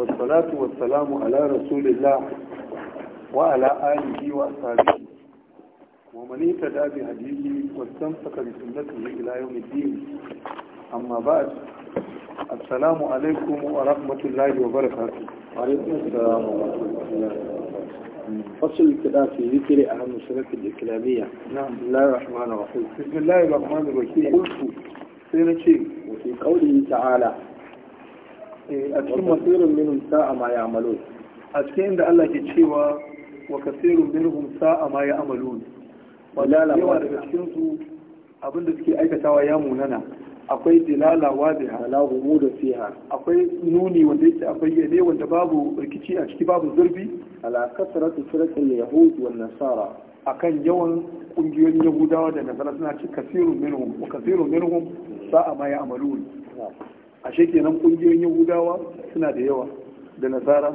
والصلاة والسلام على رسول الله وعلى آله وأصحابه ومن اهتدى بهديه واستمسك بسنته إلى يوم الدين أما بعد السلام عليكم ورحمة الله وبركاته وعليكم السلام ورحمة الله فصل الكلام في ذكر أهم الشبكة الإسلامية نعم بسم الله الرحمن الرحيم بسم الله الرحمن الرحيم قلت سينشي وفي قوله تعالى a cikin masirin minhum sa'a ma ya'malun a cikin inda Allah ke cewa wa kasirun minhum sa'a ma ya'malun wala yawa daga cikin su abinda suke aikatawa ya munana akwai dilala wadiha la da fiha akwai nuni wanda yake a bayyane wanda babu rikici a ciki babu zurbi ala kasratu firqil yahud wan nasara akan yawan kungiyoyin yahudawa da nasara suna ci kasirun minhum wa kasirun minhum sa'a ma ya'malun ashe kenan kungiyoyin yahudawa suna da yawa da nasara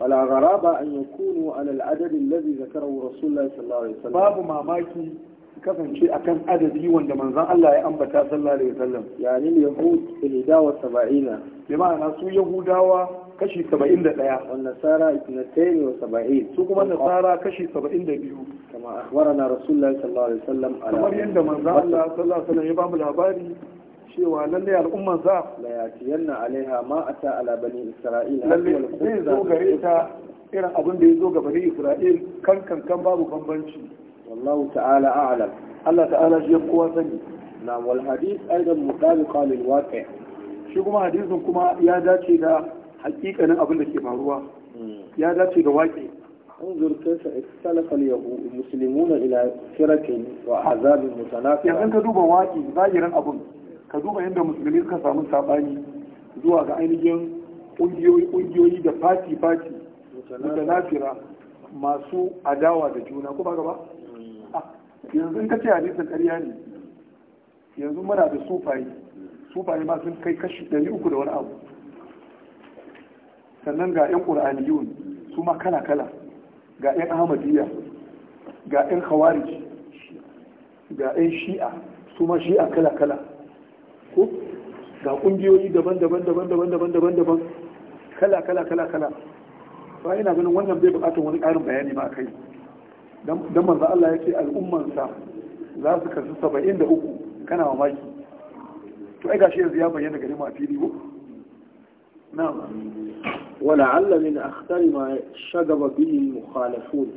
ala gharaba an yakunu ala al-adad alladhi zakarahu rasulullahi sallallahu alaihi wasallam babu mamaki kasance akan adadi wanda manzon Allah ya ambata sallallahu alaihi wasallam yani yahud ilida wa saba'ina bi ma'ana su yahudawa kashi 71 wan nasara 72 su kuma nasara kashi 72 kama akhbarana rasulullahi sallallahu alaihi wasallam kamar yadda manzon Allah sallallahu alaihi wasallam ya mu labari cewa lallai al'umman za la yatiyanna alaiha ma ata ala bani isra'ila lallai zai zo gare ta irin abin da ya zo ga bani isra'il kan kan kan babu bambanci wallahu ta'ala a'lam Allah ta'ala shi kowa sani na wal hadith aidan mutabiqa lil waqi' shi kuma hadisin kuma ya dace da hakikanin abin da ke faruwa hmm. ya dace da waƙi انظر كيف اختلف اليهود المسلمون الى فرق وعذاب متنافع يعني انت دوبا واقي ظاهرا ابو ka duba yadda musulmi suka samu sabani zuwa ga ainihin ƙungiyoyi da fati-fati da nafira masu adawa da juna ko ba gaba mm. ah, yanzu in ka ce hadisin ƙarya ne yanzu muna da sufaye sufaye ma sun kai kashi ɗari uku da wani abu sannan ga 'yan ƙur'aniyun su ma kala-kala ga 'yan ahmadiyya ga 'yan khawarij ga 'yan shi'a su ma shi'a kala-kala ko ga kungiyoyi daban daban daban daban daban daban daban kala kala kala kala ba ina ganin wannan bai buƙatar wani karin bayani ma kai dan manzo Allah ya ce al'ummansa za su kasu saba'in da uku kana mamaki to ai gashi yanzu ya bayyana gari ma fili ko na'am ولعل من أخطر ما شغب به المخالفون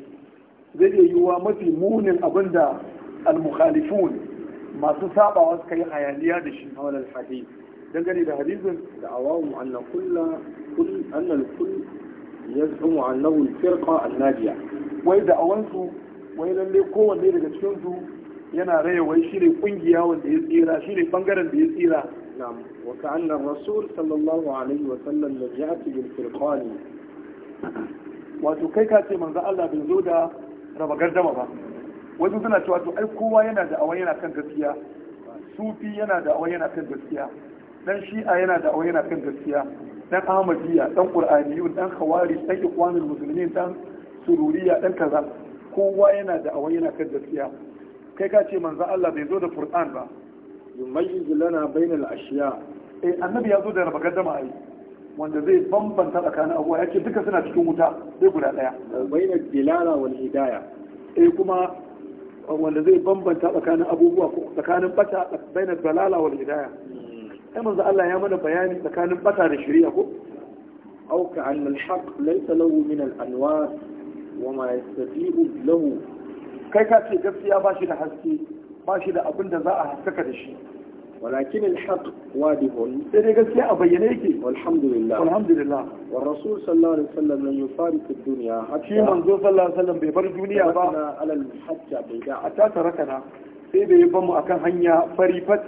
زي mafi munin abinda al-mukhalifun masu sabawa suka yi hayaniya da shi hawal al-hadith dangane da hadisin da awawu anna kulla kull anna al-kull yaz'umu firqa an wai da awansu wai lalle kowanne daga cikin su yana raya wai shi ne kungiya wanda ya tsira shi ne bangaren da ya tsira na'am wa ka'anna rasul sallallahu alaihi wa sallam najati bil firqani wato kai ka ce manzo Allah bai zo da raba gardama ba wasu suna cewa to ai kowa yana da awon yana kan gaskiya sufi yana da awon yana kan gaskiya dan shi'a yana da awon yana kan gaskiya dan ahmadiyya dan qur'aniyun dan khawarij dan ikwanul muslimin dan sururiya dan kaza kowa yana da awon yana kan gaskiya kai ka ce manzo Allah bai zo da Qur'an ba yumayyiz lana bainal ashiya eh annabi ya zo da raba gaddama ai wanda zai bambanta tsakanin abuwa ce duka suna cikin wuta sai guda daya bainal dilala wal hidaya eh kuma wanda zai bambanta tsakanin abubuwa ko tsakanin bata bayan dalala wal hidaya sai manzo Allah ya mana bayani tsakanin bata da shari'a ko aw ka an al haqq laysa min al wa ma yastabihu lahu kai ka ce gaskiya ba shi da haske ba shi da abin da za a haskaka da shi ولكن الحق واضح سيدي قلت يا أبينيك والحمد لله والحمد لله والرسول صلى الله عليه وسلم لن يفارق الدنيا حتى منظور صلى الله عليه وسلم بيبر الدنيا على الحجة بيداء حتى تركنا سيدي يبم أكن هنيا فريفت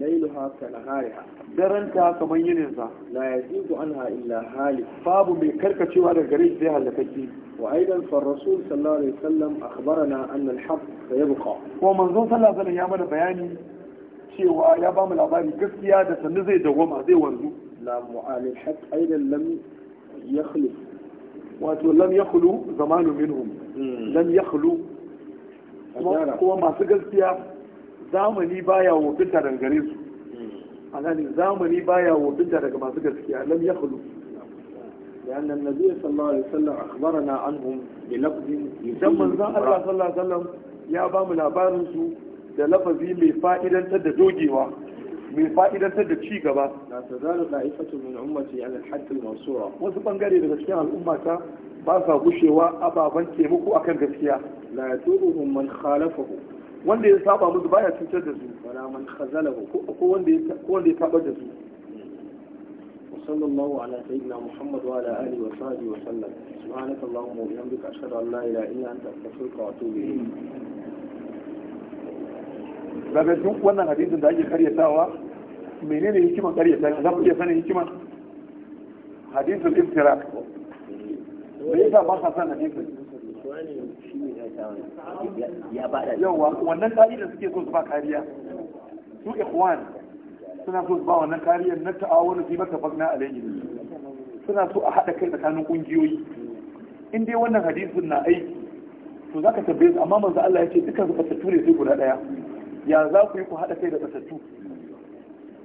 ليلها كنهارها daranta kamar yininsa la yazidu anha illa halik babu mai karkacewa daga gare shi sai halakacce wa aidan fa rasul sallallahu alaihi wasallam akhbarana anna al-haq sayabqa ko manzon sallallahu ya mana bayani cewa ya ba mu labari gaskiya da sannu zai dawwama zai wanzu la mu'alil haqq aina lam yakhlif wato lam yakhlu zamanu minhum hmm. lam yakhlu kuma masu gaskiya zamani baya wofinta daga gare su hmm. anani zamani baya wofinta daga masu gaskiya lam yakhlu لأن النبي صلى الله عليه وسلم أخبرنا عنهم بلفظ يسمى الله صلى الله عليه وسلم يا بام su. da lafazi mai fa'idantar da dogewa mai fa'idantar da ci gaba na tazalu da'ifatu min ummati ala al-hadd mansura wasu bangare daga cikin al'ummata ba sa gushewa ababen taimako akan gaskiya la yaturuhum man khalafahu wanda ya saba musu baya cutar da su wala man khazalahu ko wanda ya ko wanda ya tabar da su وصلى الله على سيدنا محمد وعلى اله وصحبه وسلم سبحانك اللهم وبحمدك اشهد ان لا اله الا انت استغفرك واتوب اليك daga duk wannan hadisin da ake karyatawa menene hikiman karyata za ku iya sanin hikiman hadisul iftirak me yasa ba ka san hadisin yawa wannan ka'idar suke so su ba kariya su ikhwan suna so su ba wannan kariyar na ta'awunu fi a alayhi suna so a haɗa kai tsakanin ƙungiyoyi in dai wannan hadisin na aiki to za ka tabbe amma manzo Allah ya ce dukkan su fatattu ne sai guda ɗaya ya za ku yi ku haɗa kai da batattu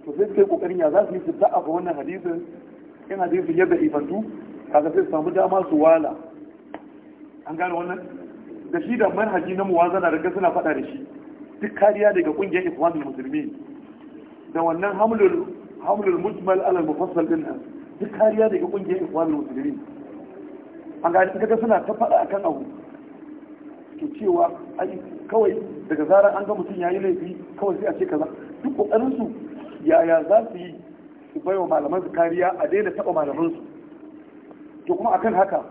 to sai suka yi ya za su yi su da'a ga wannan hadisin in hadisin yadda ifantu kaga sai su samu dama su wala an gane wannan da shi da manhaji na muwazana da suna faɗa da shi duk kariya daga ƙungiyar ikhwanul musulmi da wannan hamlul hamlul mujmal ala mufassal din nan duk kariya daga kungiyar ikhwanul musulmi an gane kaga suna ta faɗa akan abu ke cewa ai kawai daga zarar an ga mutum ya yi laifi kawai sai a ce kaza duk kokarin su yaya za su yi su bai wa malaman su kariya a daina taba malaman su to kuma akan haka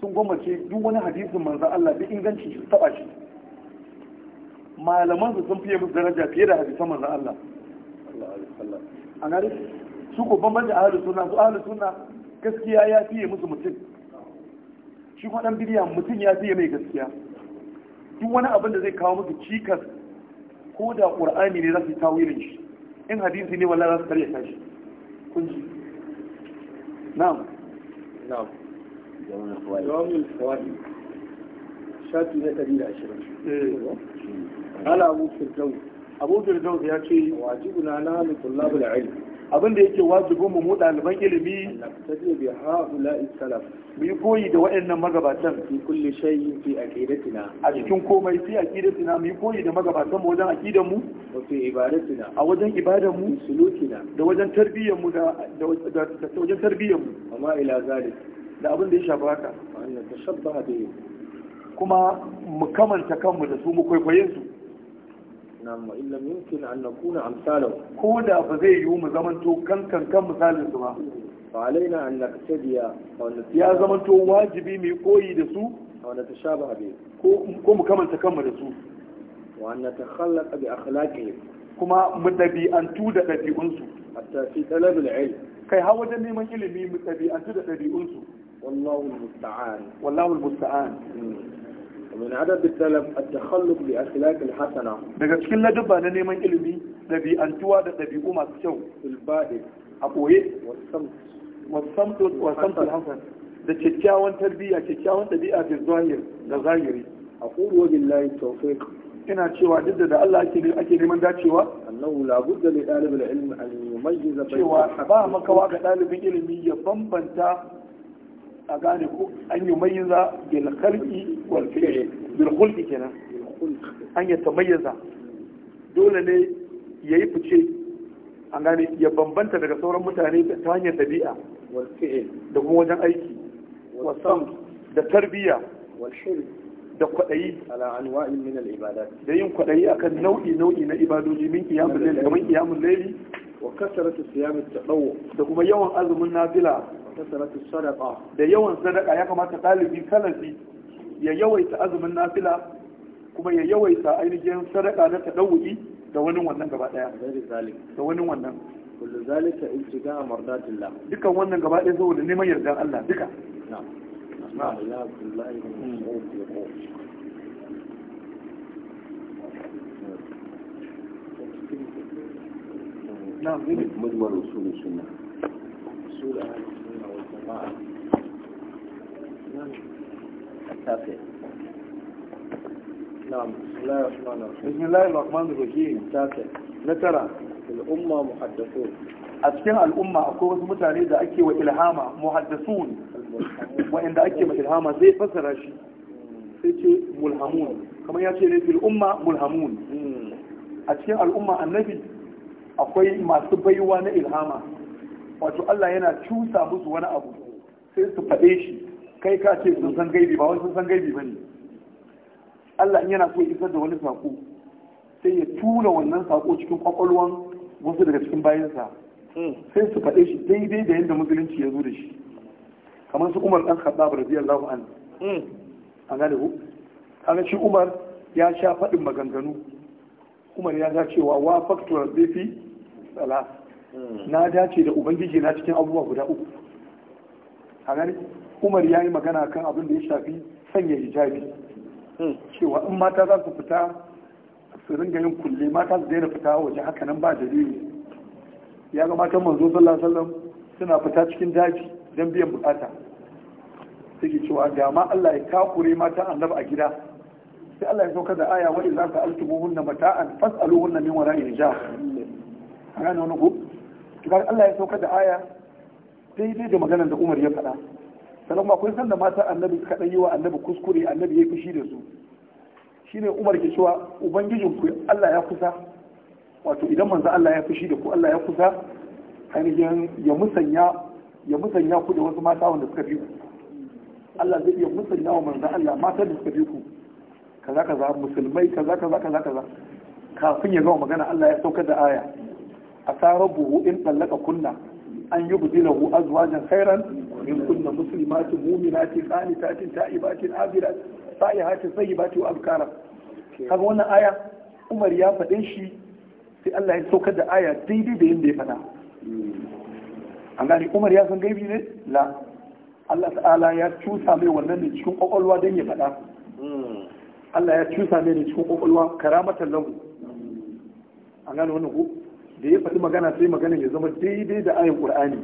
sun gwammace duk wani hadisin manzo Allah duk inganci su taba shi malaman su sun fiye musu daraja fiye da hadisan manzo Allah a gari su ko bambanci ahlus sunna su ahlus sunna gaskiya ya fiye musu mutum shi kuma dan bidiya mutum ya fiye mai gaskiya duk wani abin da zai kawo musu cikas ko da ƙur'ani ne za su yi tawilin shi in hadisi ne wallah za su karyata shi kun ji na'am na'am jawamul fawaid shafi na Eh ala abu firdaus abu firdaus ya ce wajibu na lutulabul ilm abin da yake wajibin mu mu ɗaliban ilimi tabi mu yi koyi da waɗannan magabatan fi kulli shay'in fi aqidatina a cikin komai fi aqidatina mu koyi da magabatan mu wajen aqidan mu wa fi ibadatina a wajen ibadan mu sulukina da wajen tarbiyyar mu da da wajen tarbiyyar mu amma ila zalik da abin da ya shafa haka wannan tashabbaha da kuma mu kamanta kanmu da su mu kwaikwaye su nam wa illam yumkin an nakuna amsalahu ko da ba zai yiwu mu zamanto kan kan kan misalin su ba fa alaina an naqtadiya wa ya zamanto wajibi mai koyi da su wa natashabaha bi ko ko mu kamanta kanmu da su wa an natakhallaqa bi akhlaqihim kuma mu dabi'antu da dabi'unsu hatta fi talab al-ilm kai ha wajen neman ilimi mu dabi'antu da dabi'unsu wallahu al-musta'an wallahu mustaan ومن عدد السلف التخلق بأخلاق الحسنة daga cikin ladabba na neman ilimi ɗabi'antuwa da ɗabi'u masu kyau ilbadi a koye wasamtul da kyakkyawan tarbiyya kyakkyawan ɗabi'a da zahir da zahiri a kuruwa tawfiq ina cewa duk da Allah ake ake neman dacewa annahu la budda li talib al-ilm an yumayyiza bayna cewa ba makawa ga ɗalibin ilimi ya bambanta a gane ko an yi mayyaza bil khalqi wal fi'l bil khulqi kenan an ya tamayyaza dole ne ya yi fice an gane ya bambanta daga sauran mutane ta hanyar dabi'a da kuma wajen aiki da tarbiyya da kwaɗayi ala anwa'in min al-ibadat da yin kwaɗayi akan nau'i nau'i na ibadoji min qiyamul layli kamar qiyamul layli wa tadawwu da kuma yawan azumin nafila sadaqa da yawan sadaqa ya kamata dalibi kalafi ya yawaita azumin nafila kuma ya yawaita ainihin sadaqa na tadawwi da wani wannan gaba daya da wani wannan kullu zalika mardatillah dukan wannan gaba daya saboda neman yardan Allah duka na'am na'am ya الإسلام نعم. من مدول وصول السنة سورة السنة والجماعة أتافي نعم بسم الله الرحمن الرحيم بسم الله الرحمن الرحيم أتافي نترى الأمة محدثون أتكين الأمة أقوى متعني إذا أكي وإلهامة محدثون وإن ذا أكي وإلهامة زي فسر أشي سيتي ملهمون كما يأتي في الأمة ملهمون أتكين الأمة النبي akwai masu baiwa na ilhama wato Allah yana cusa musu wani abu sai su faɗe shi kai ka ce sun san gaibi ba wani sun san gaibi bane Allah in yana so ya isar da wani sako sai ya tura wannan sako cikin kwakwalwan wasu daga cikin bayansa hmm. sai su faɗe shi daidai da yadda musulunci ya zo da shi kamar su Umar dan Khattab radiyallahu anhu hmm. an gane ku kaga shi Umar ya sha faɗin maganganu umar ya ga cewa wa faktu zafi tsala? Hmm. na dace da ubangiji na cikin abubuwa guda uku a gani umar ya yi magana kan abin da ya shafi sanya hijabi hmm. cewa in mata za su fita su ringa yin kulle mata su daina fita waje haka nan ba dalili ya ga matan manzo sallallahu alaihi suna fita cikin daji don biyan bukata suke cewa dama Allah ya kakure mata annabi a gida sai Allah ya sauka da aya wa idza sa'altumuhunna mata'an fas'aluhunna min wara'i hijab ana wani ku kibar Allah ya sauka da aya dai-dai da maganar da Umar ya faɗa sannan kuma san da mata annabi suka dan yi wa annabi kuskure annabi ya fushi da su shine Umar ke cewa ubangijin ku Allah ya kusa wato idan manzo Allah ya fushi da ku Allah ya kusa ainihin ya musanya ya musanya ku da wasu mata wanda suka fi ku Allah zai iya musanya wa manzo Allah mata da suka fi ku kaza kaza musulmai kaza kaza kaza kaza kafin ya gama magana Allah ya saukar da aya A asarabuhu in tsallaka kunna an yi yubdilahu azwajan khairan min kunna muslimatin mu'minatin qanitatin ta'ibatin abirat sa'ihatin sayyibatin wa abkara kaga wannan aya Umar ya faɗe shi sai Allah ya saukar da aya daidai da yadda ya faɗa an gani Umar ya san gaibi ne la Allah ta'ala ya cusa mai wannan ne cikin kwakwalwa don ya faɗa hmm. Allah ya cusa ne cikin kokolwa karamatan lahu an gane wannan ko da ya faɗi magana sai magana ya zama daidai da ayin qur'ani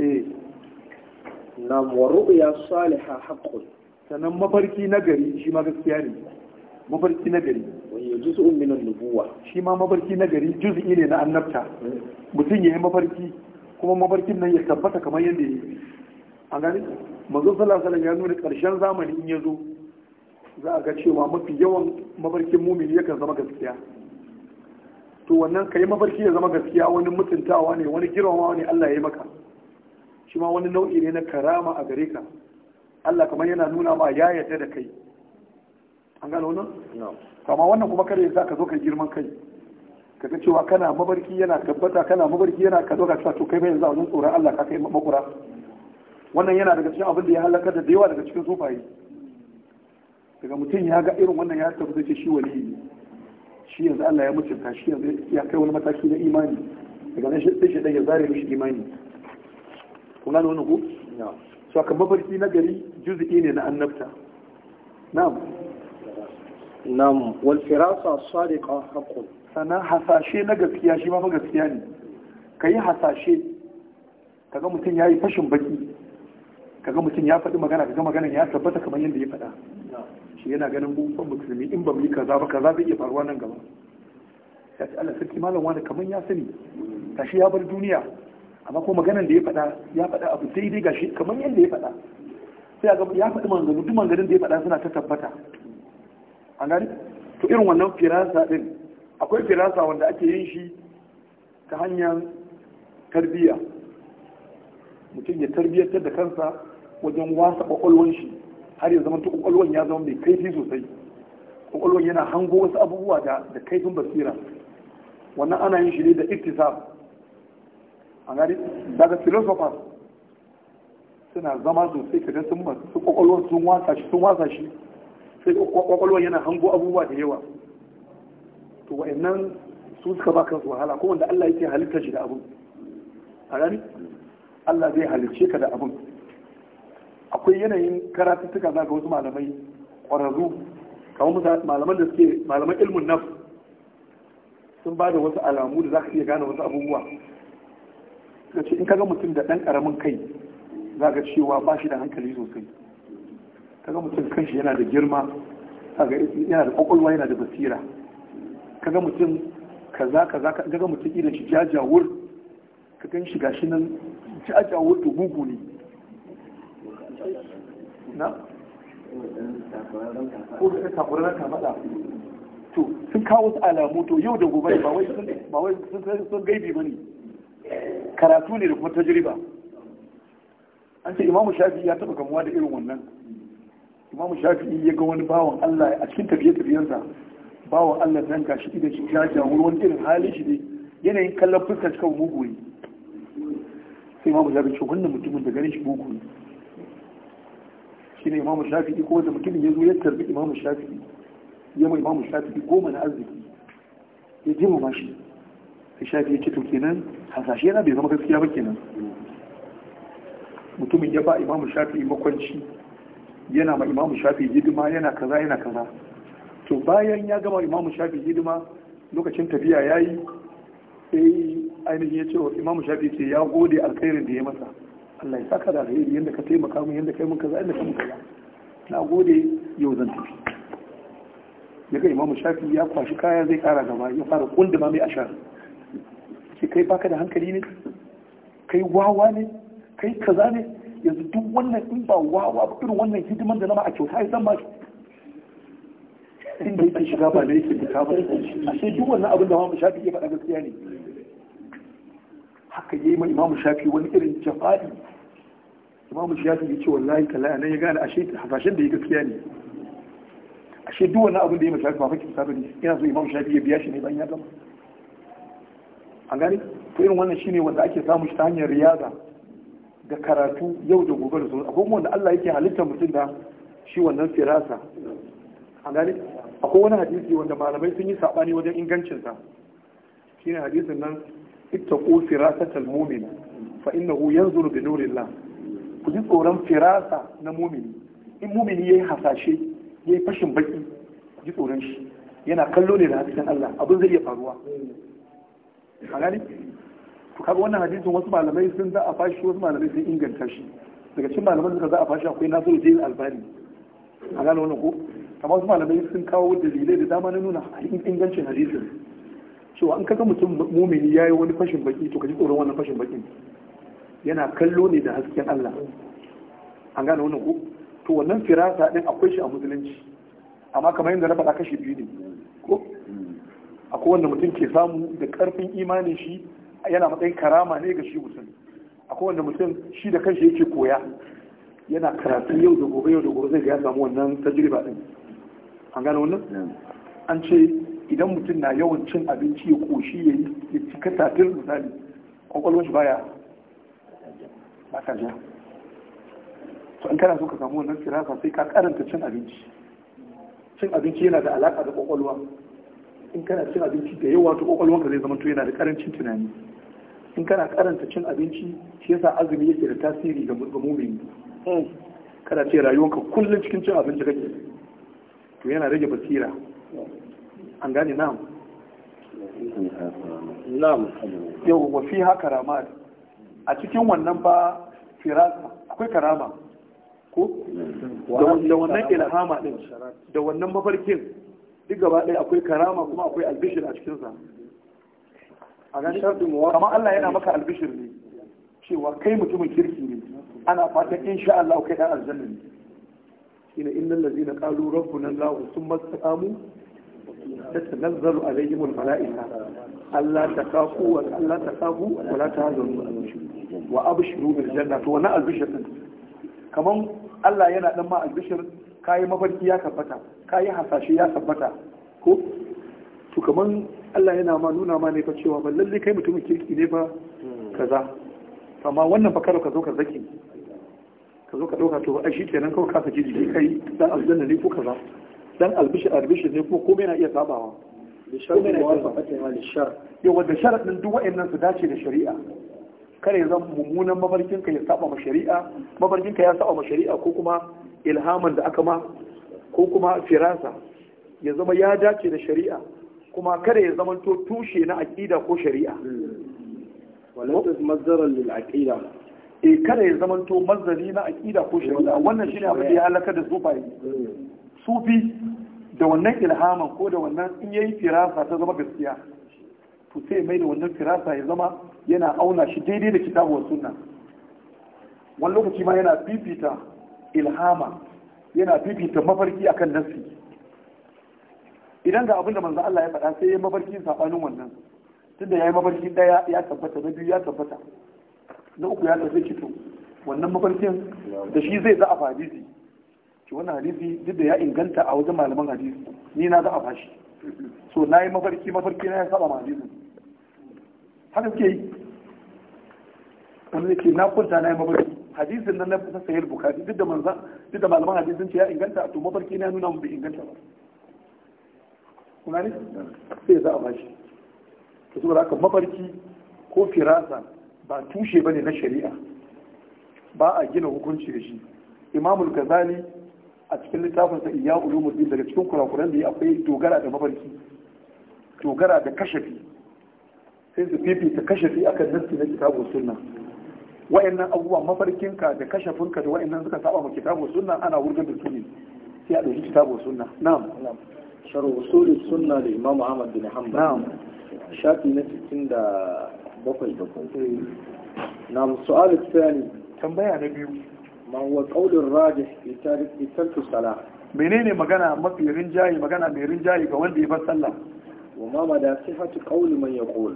eh nam wa ru'ya salihah haqqun sanan mafarki nagari shi ma gaskiya ne mafarki nagari wani juz'un min an-nubuwa shi ma mafarki nagari juz'i ne na annabta hmm. mutum yi mafarki kuma mafarkin nan ya tabbata kamar yadda yake an gane manzo sallallahu alaihi wasallam ya nuna karshen zamani in ya zo za a ga cewa mafi yawan mafarkin mumini yakan zama gaskiya to wannan ka yi mafarki ya zama gaskiya wani mutuntawa ne wani girmama ne Allah ya yi maka shi ma wani nau'i ne na karama a gare ka Allah kamar yana nuna ma ya yarda da kai an gano wannan kuma wannan kuma kare za ka zo ka girman kai ka ga cewa kana mabarki yana tabbata kana mabarki yana ka zo ka sa to kai bai yanzu a tsoron Allah ka kai makura wannan yana daga cikin abin da ya halaka da yawa daga cikin sufaye daga mutum ya ga irin wannan ya tafi zai ce shi wali ne shi yanzu Allah ya mutunta shi yanzu ya kai wani mataki na imani daga nan sai shi ya zare mishi imani kun gane wannan ko so aka mafarki na gari juz'i ne na annabta na'am na'am wal firasa sadiqa haqqun sana hasashe na gaskiya shi ma fa gaskiya ne yi hasashe kaga mutum yayi fashin baki kaga mutum ya faɗi magana kaga magana ya tabbata kamar yadda ya faɗa shi yana ganin mu fa musulmi in ba mu yi kaza ba kaza zai iya faruwa nan gaba ya ce Allah sarki malam wani kaman ya sani gashi ya bar duniya amma ko maganan da ya faɗa ya faɗa abu dai gashi kaman yadda ya faɗa sai ga ya faɗi manganu duk manganun da ya faɗa suna ta tabbata a gani to irin wannan firasa din akwai firasa wanda ake yin shi ta hanyar tarbiyya mutum ya tarbiyyantar da kansa wajen wasa ƙwaƙwalwan shi har ya zama kwakwalwan ya zama mai kaifi sosai kwakwalwan yana hango wasu abubuwa da kaifin basira wannan ana yin shi ne da iktisab a gani daga philosophers suna zama sosai kada sun masu kwakwalwan sun wasa shi sun wasa shi sai kwakwalwan yana hango abubuwa da yawa to wa'annan su suka ba kansu wahala ko wanda Allah yake halitta shi da abun a gani Allah zai halicce ka da abun akwai yanayin karatuttuka za ga wasu malamai ƙwararru kamar malaman da suke malaman ilmin naf sun ba da wasu alamu da za ka iya gane wasu abubuwa suka ce in kaga mutum da ɗan ƙaramin kai za ga cewa ba shi da hankali sosai kaga mutum kanshi yana da girma kaga yana da ƙwaƙwalwa yana da basira kaga mutum kaza kaza kaga mutum irin shi jajawur ka gan shi gashi nan jajawur to gugu ne na? ko da takwararren kamada to sun kawo su alamu to yau da gobe ba wai sun gaibi ba ne karatu ne da kuma tajriba an ce imamu shafi ya taba gamuwa da irin wannan imamu shafi ya ga wani bawan allah a cikin tafiye-tafiyensa bawan allah nan gashi idan shi ya jawo wani irin halin shi ne yanayin kallon fuskar cikin mugu ne sai imamu shafi ce wannan mutumin da ganin shi mugu ne shine imamu shafi'i ko wanda mutumin ya zo ya tarbi imamu shafi'i ya mai imamu shafi'i goma na arziki ya ma shi sai shafi ya ce to kenan hasashe yana bai zama gaskiya ba kenan mutumin ya ba imamu shafi'i makwanci yana ma imamu shafi'i hidima yana kaza yana kaza to bayan ya gama imamu shafi'i hidima lokacin tafiya ya yi sai ainihin ya ce wa imamu shafi'i ce ya gode alkhairin da ya masa Allah ya saka da alheri yadda ka taimaka mu yadda kai mun kaza yadda kai mun kaza na gode yau zan tafi ya ga imamu shafi ya kwashi kaya zai kara gaba ya fara kunduma mai ashar ce kai baka da hankali ne kai wawa ne kai kaza ne yanzu duk wannan in ba wawa ba irin wannan hidiman da na ma a kyauta ya zama inda yake shiga ba da yake fita ba sai duk wannan abin da mamu shafi ya faɗa gaskiya ne haka yi ma imamu shafi wani irin jafa'i imamu shafi ya ce wallahi ta nan ya gane ashe hasashen da ya gaskiya ne ashe duk wani abin da ya ma shafi ba fakin sabi ne ina so imamu shafi ya biya shi ne bayan ya gama an gane to irin wannan shine wanda ake samun shi ta hanyar riyaza da karatu yau da gobe da sauransu akwai wanda Allah yake halittar mutum da shi wannan firasa an gane akwai wani hadisi wanda malamai sun yi sabani wajen ingancinsa shine hadisin nan ittaqu firasatal mu'min fa innahu yanzuru bi nurillah ku ji tsoron firasa na mumini in mumini yayi hasashe yayi fashin baki ku ji tsoron shi yana kallo ne da hadisin Allah abin zai iya faruwa a gani to kaga wannan hadisin wasu malamai sun za a fashi wasu malamai sun inganta shi daga cikin malaman da za a fashi akwai nasiru jil albani a gane wannan ko amma wasu malamai sun kawo dalilai da dama na nuna ingancin hadisin so an kaga mutum mumini ya yi wani fashin baki to ka ji tsoron wannan fashin bakin yana kallo ne da hasken Allah an gane wannan ko to wannan firasa din akwai shi a musulunci amma kamar yadda na faɗa kashi biyu ne ko akwai wanda mutum ke samu da ƙarfin imanin shi yana matsayin karama ne ga shi mutum akwai wanda mutum shi da kanshi yake koya yana karatu yau da gobe yau da gobe zai ga ya samu wannan tajriba din an gane wannan an ce idan mutum na yawan cin abinci ya koshi ya yi ya cika tatir misali kwakwalwar shi baya ba ta ja to in kana so ka samu wannan firasa sai ka karanta cin abinci cin abinci yana da alaka da kwakwalwa in kana cin abinci da yawa to ka zai zama to yana da karancin tunani in kana karanta cin abinci shi yasa azumi yake da tasiri ga mu'mini kana ce rayuwanka kullum cikin cin abinci kake to yana rage basira an gane na'am na'am yau wa fi haka rama a cikin wannan ba firasa akwai karama ko da wannan ilhama din da wannan mafarkin duk gaba ɗaya akwai karama kuma akwai albishir a cikinsa a ganin kama Allah yana maka albishir ne cewa kai mutumin kirki ne ana fatan in sha Allah kai ɗan aljanna ne shine innal rabbu nan rabbuna sun thumma istaqamu تتنزل عليهم الملائكة ألا تخافوا ألا تخافوا ولا تهزنوا وأبشروا بالجنة ونا البشر كمان Allah yana dan ma albishir kayi mafarki ya tabbata kayi hasashe ya tabbata ko to kaman Allah yana ma nuna ma ne fa cewa ba lalle kai mutumin kirki ne ba kaza amma wannan fa karo ka zo ka zaki ka zo ka dauka to ai shi kenan kawai ka saki jiki kai dan aljanna ne ko kaza dan albishir albishir ne kuma komai na iya sabawa yau wadda sharaɗin duk wa'annan su dace da shari'a kare ya zama mummunan mafarkinka ya saba ma shari'a mafarkinka ya saba ma shari'a ko kuma ilhaman da aka ma ko kuma firasa ya zama ya dace da shari'a kuma kada ya zama to tushe na aƙida ko shari'a E, hmm. mazzarar eh, kada ya zama to mazzari na aƙida ko shari'a wannan shi ne abin da ya halaka da zubayi sufi da wannan ilhaman ko da wannan in yayi firasa ta zama gaskiya to sai mai da wannan firasa ya zama yana auna shi daidai da kitabuwar sunna wani lokaci ma yana fifita ilhama yana fifita mafarki akan nafsi idan ga abin da manzo Allah ya faɗa sai ya mafarki sabanin wannan tunda yayi mafarki daya ya tabbata na biyu ya tabbata na uku ya tabbata kito wannan mafarkin da shi zai za a fadisi ki wannan hadisi duk da ya inganta a wajen malaman hadisi ni na za a bashi so na yi mafarki mafarki na ya saba ma hadisin haka suke yi wanda ke na kwanta na yi mafarki hadisin nan na kusa sayar bukati duk da manza duk da malaman hadisin ce ya inganta to mafarki na nuna mu bai inganta ba kuna ne sai za a bashi to saboda haka mafarki ko firasa ba tushe ba ne na shari'a ba a gina hukunci da shi imamul gazali a cikin littafin sa iya ulumuddin daga cikin kurakuran da ya akwai dogara da mafarki dogara da kashafi sai su fifita kashafi akan nassi na kitabun sunna wa'annan abubuwa ka da ka da wa'annan suka saba ma kitabun sunna ana wurgar da su ne sai a dauki kitabun sunna na'am sharu usul sunna da imam ahmad bin hanbal na'am shafi na 67 eh. na'am su'al tsani tambaya na biyu ma huwa qaulur rajih li tarki salah menene magana mafi rinjaye magana mai rinjaye ga wanda ya bar sallah wa ma mada sihhatu qawli man yaqul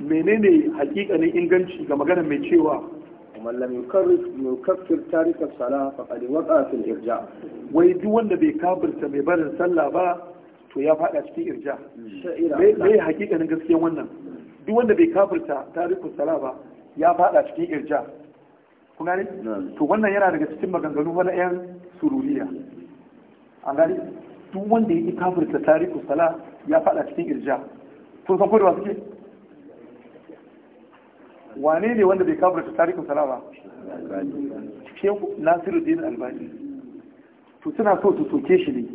menene hakikanin inganci ga magana mai cewa man lam yukarrif yukaffir tarika salah faqad waqa fil irja wai duk wanda bai kafirta mai barin sallah ba to ya fada cikin irja mai hakikanin gaskiyan wannan duk wanda bai kafirta tarika salah ba ya fada cikin irja kun to wannan yana daga cikin maganganu wani ɗayan sururiya an gane duk wanda ya yi kafirta tarihi sala ya fada cikin irja Tun san kodewa suke wane ne wanda bai kafirta tarihi sala ba shehu nasiru din albani to suna so su soke shi ne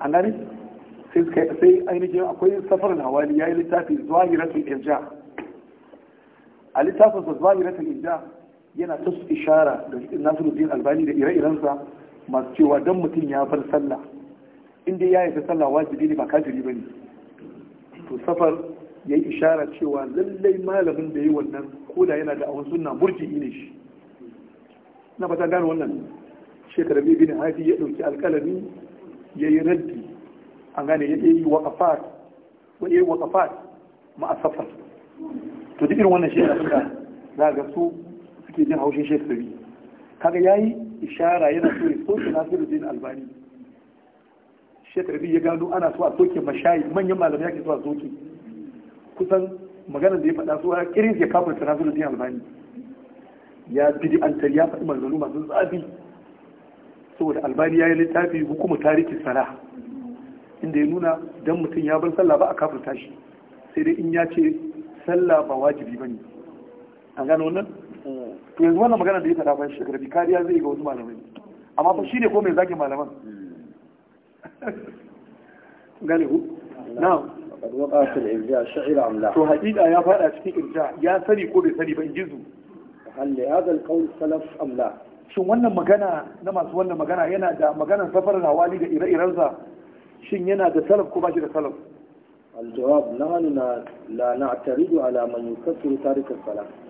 an gani? sai ainihin akwai safarin hawali ya yi littafi zuwa yi irja a littafin zuwa yi rasul irja yana ta ishara da nasiruddin albani da ire-irensa masu cewa don mutum ya bar sallah inda ya yi sallah wajibi ne ba kajiri ba ne to safar ya yi ishara cewa lallai malamin da ya yi wannan koda yana da awon sunna murji ne shi na fata gano wannan shekara biyu bin ya ɗauki alƙalami ya yi raddi an gane ya yi waƙafat wa safar to duk irin wannan shekara suka za ga su suke jin haushin shek sabi kaga yi ishara yana so ya soke nasiruddin albani shek rabi ya gano ana so a soke mashayi manyan malamai ake so a soke kusan maganar da ya faɗa so ya kirin ya kafa ta nasiruddin albani ya bidi tari ya faɗi manzanni masu tsafi saboda albani ya yi littafi hukumar tarihin sara inda ya nuna don mutum ya bar sallah ba a kafa shi sai dai in ya ce sallah ba wajibi ba ne an gano wannan to yanzu wannan magana da ya faɗa ba shi karbi kariya zai ga wasu malamai amma fa shi ne ko mai zagin malaman gane ku na'am قد وقع في الإرجاع شعر أم لا؟ تو يا فارع في إرجاع يا سري كوبي سري بنجزو هل لهذا القول سلف أم لا؟ shin wannan magana na masu wannan magana yana da maganar safar hawali da ire-irensa shin yana da salaf ko ba shi da salaf aljawab nahnu la na'taridu ala man yukaffiru tarik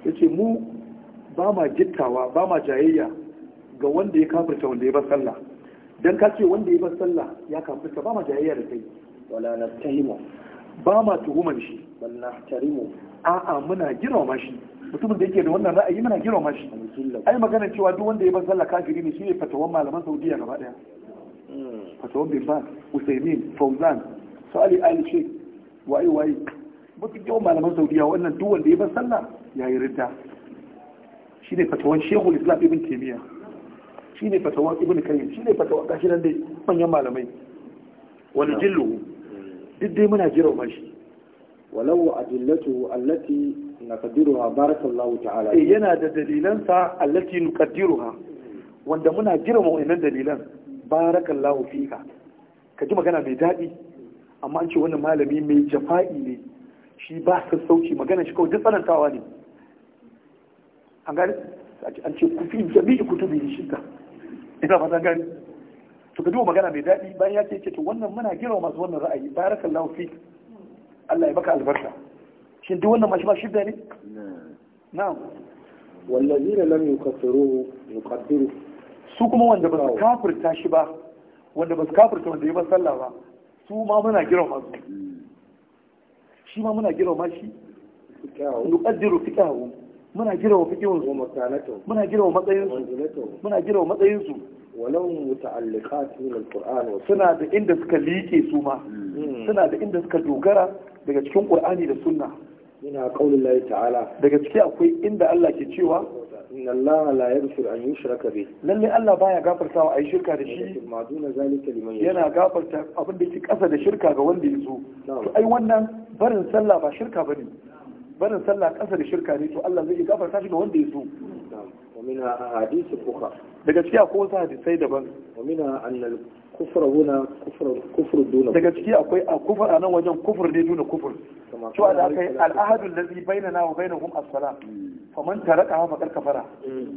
yace mu ba ma gittawa ba ma jayayya ga wanda ya kafirta wanda ya bar sallah dan ka ce wanda ya bar sallah ya kafirta ba ma jayayya da kai wala nastahimu ba ma tuhuman shi bal nahtarimu a'a muna girmama shi mutumin da yake da wannan ra'ayi muna girmama shi ai magana cewa duk wanda ya bar sallah kafiri ne shi ne fatawan malaman Saudiya gaba daya hmm. fatawan bin ba Usaimin Fauzan Sali Ali Sheikh waye waye mutum malaman Saudiya wannan duk wanda ya bar sallah yayi ridda shi ne fatawan shehul islam ibn kemiya shi ne fatawan ibn kayyim shi ne fatawan gashi nan dai manyan malamai wani jillu duk dai muna jiran mashi walau jillatu allati naqdiruha barakallahu ta'ala eh yana da dalilansa allati na allati ha, wanda muna jira wannan dalilan barakallahu fika ka ji magana mai daɗi amma an ce wannan malami mai jafa'i ne shi ba sassauci magana shi kawai duk tsanantawa ne an gani an ce kufi jami'i kutubi shidda ina fatan gani to ka magana mai daɗi bayan ya ce to wannan muna girma masu wannan ra'ayi barakallahu fi Allah ya baka albarka shin duk wannan mashi ba shidda ne na'am wallazina lam yukaffiru yukaffiru su kuma wanda ba su kafirta shi ba wanda ba su kafirta wanda ya ba sallah ba su ma muna gina su hmm. shi ma muna gina girma shi nukaddiru fiqahu muna girma fikihun su muna girma matsayin su muna girma matsayin su walau suna da inda suka liƙe su ma hmm. suna da inda suka dogara daga cikin qur'ani da sunna ina ta'ala daga ciki akwai inda Allah ke cewa inna Allah la yaghfiru an Allah baya gafartawa ayi shirka da shi yana gafarta abin da yake kasa da shirka ga wanda ya so to ai wannan barin sallah ba shirka bane barin sallah kasa da shirka ne to Allah zai gafarta shi ga wanda ya so ومنها أحاديث daga ciki akwai wasu hadisai daban أن الكفر هنا كفر كفر دون daga ciki akwai kufur a nan wajen kufur ne duna kufur cewa da aka yi al'ahadu lazi bainana wa bainahum as-sala hmm. faman taraka fa kar kafara hmm.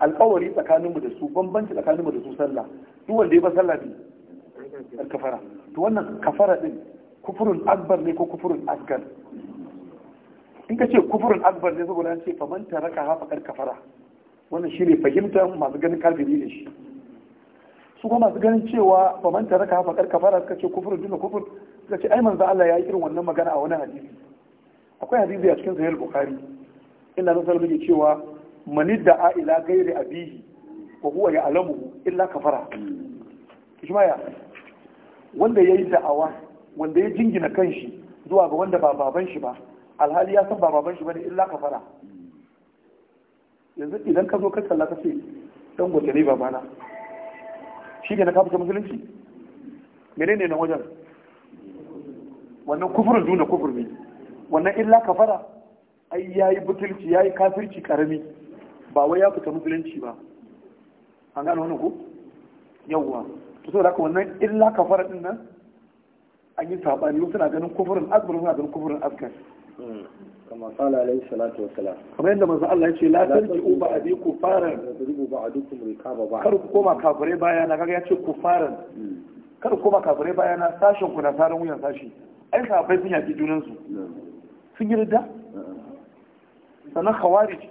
alƙawari tsakaninmu da su bambanci tsakaninmu da su sallah duk wanda ya ba sallah ne kafara to wannan kafara din kufurun akbar ne ko kufurun asgar in ka ce kufurin akbar ne saboda ce faman taraka hafa kar kafara wannan shi ne fahimtar masu ganin kafiri ne shi su kuma masu ganin cewa faman taraka hafa kar kafara suka ce kufurin duna kufur suka ce ai manzo Allah ya yi irin wannan magana a wani hadisi akwai hadisi a cikin sahih bukhari illa na sallallahu alaihi cewa manidda a ila gairi abihi wa huwa ya'lamu illa kafara Kishimaya wanda ya wanda yayi da'awa wanda ya jingina kanshi zuwa ga wanda ba baban shi ba alhali ya san ba baban shi bane illa kafara yanzu idan ka zo ka kalla ka ce dan gote ne babana shi ne na kafa musulunci menene nan wajen wannan kufurin duna kufur ne wannan illa kafara ai yayi butulci yayi kafirci karami ba wai ya fita musulunci ba an gano wannan ko yawwa to saboda haka wannan illa kafara din nan an yi sabani wasu na ganin kufurin azbar wasu na ganin kufurin azkar kama kala alaihi salatu wasalam kamar yadda manzo Allah ya ce la tarji'u uba kufaran biyu ba'dukum rikaba ba kar ku koma kafirai baya na kaga ya ce kufaran hmm. kar ku koma kafirai baya na sashin ku na sarin wuyan sashi ai bai sun yaki junan su hmm. sun yi ridda hmm. sannan khawarij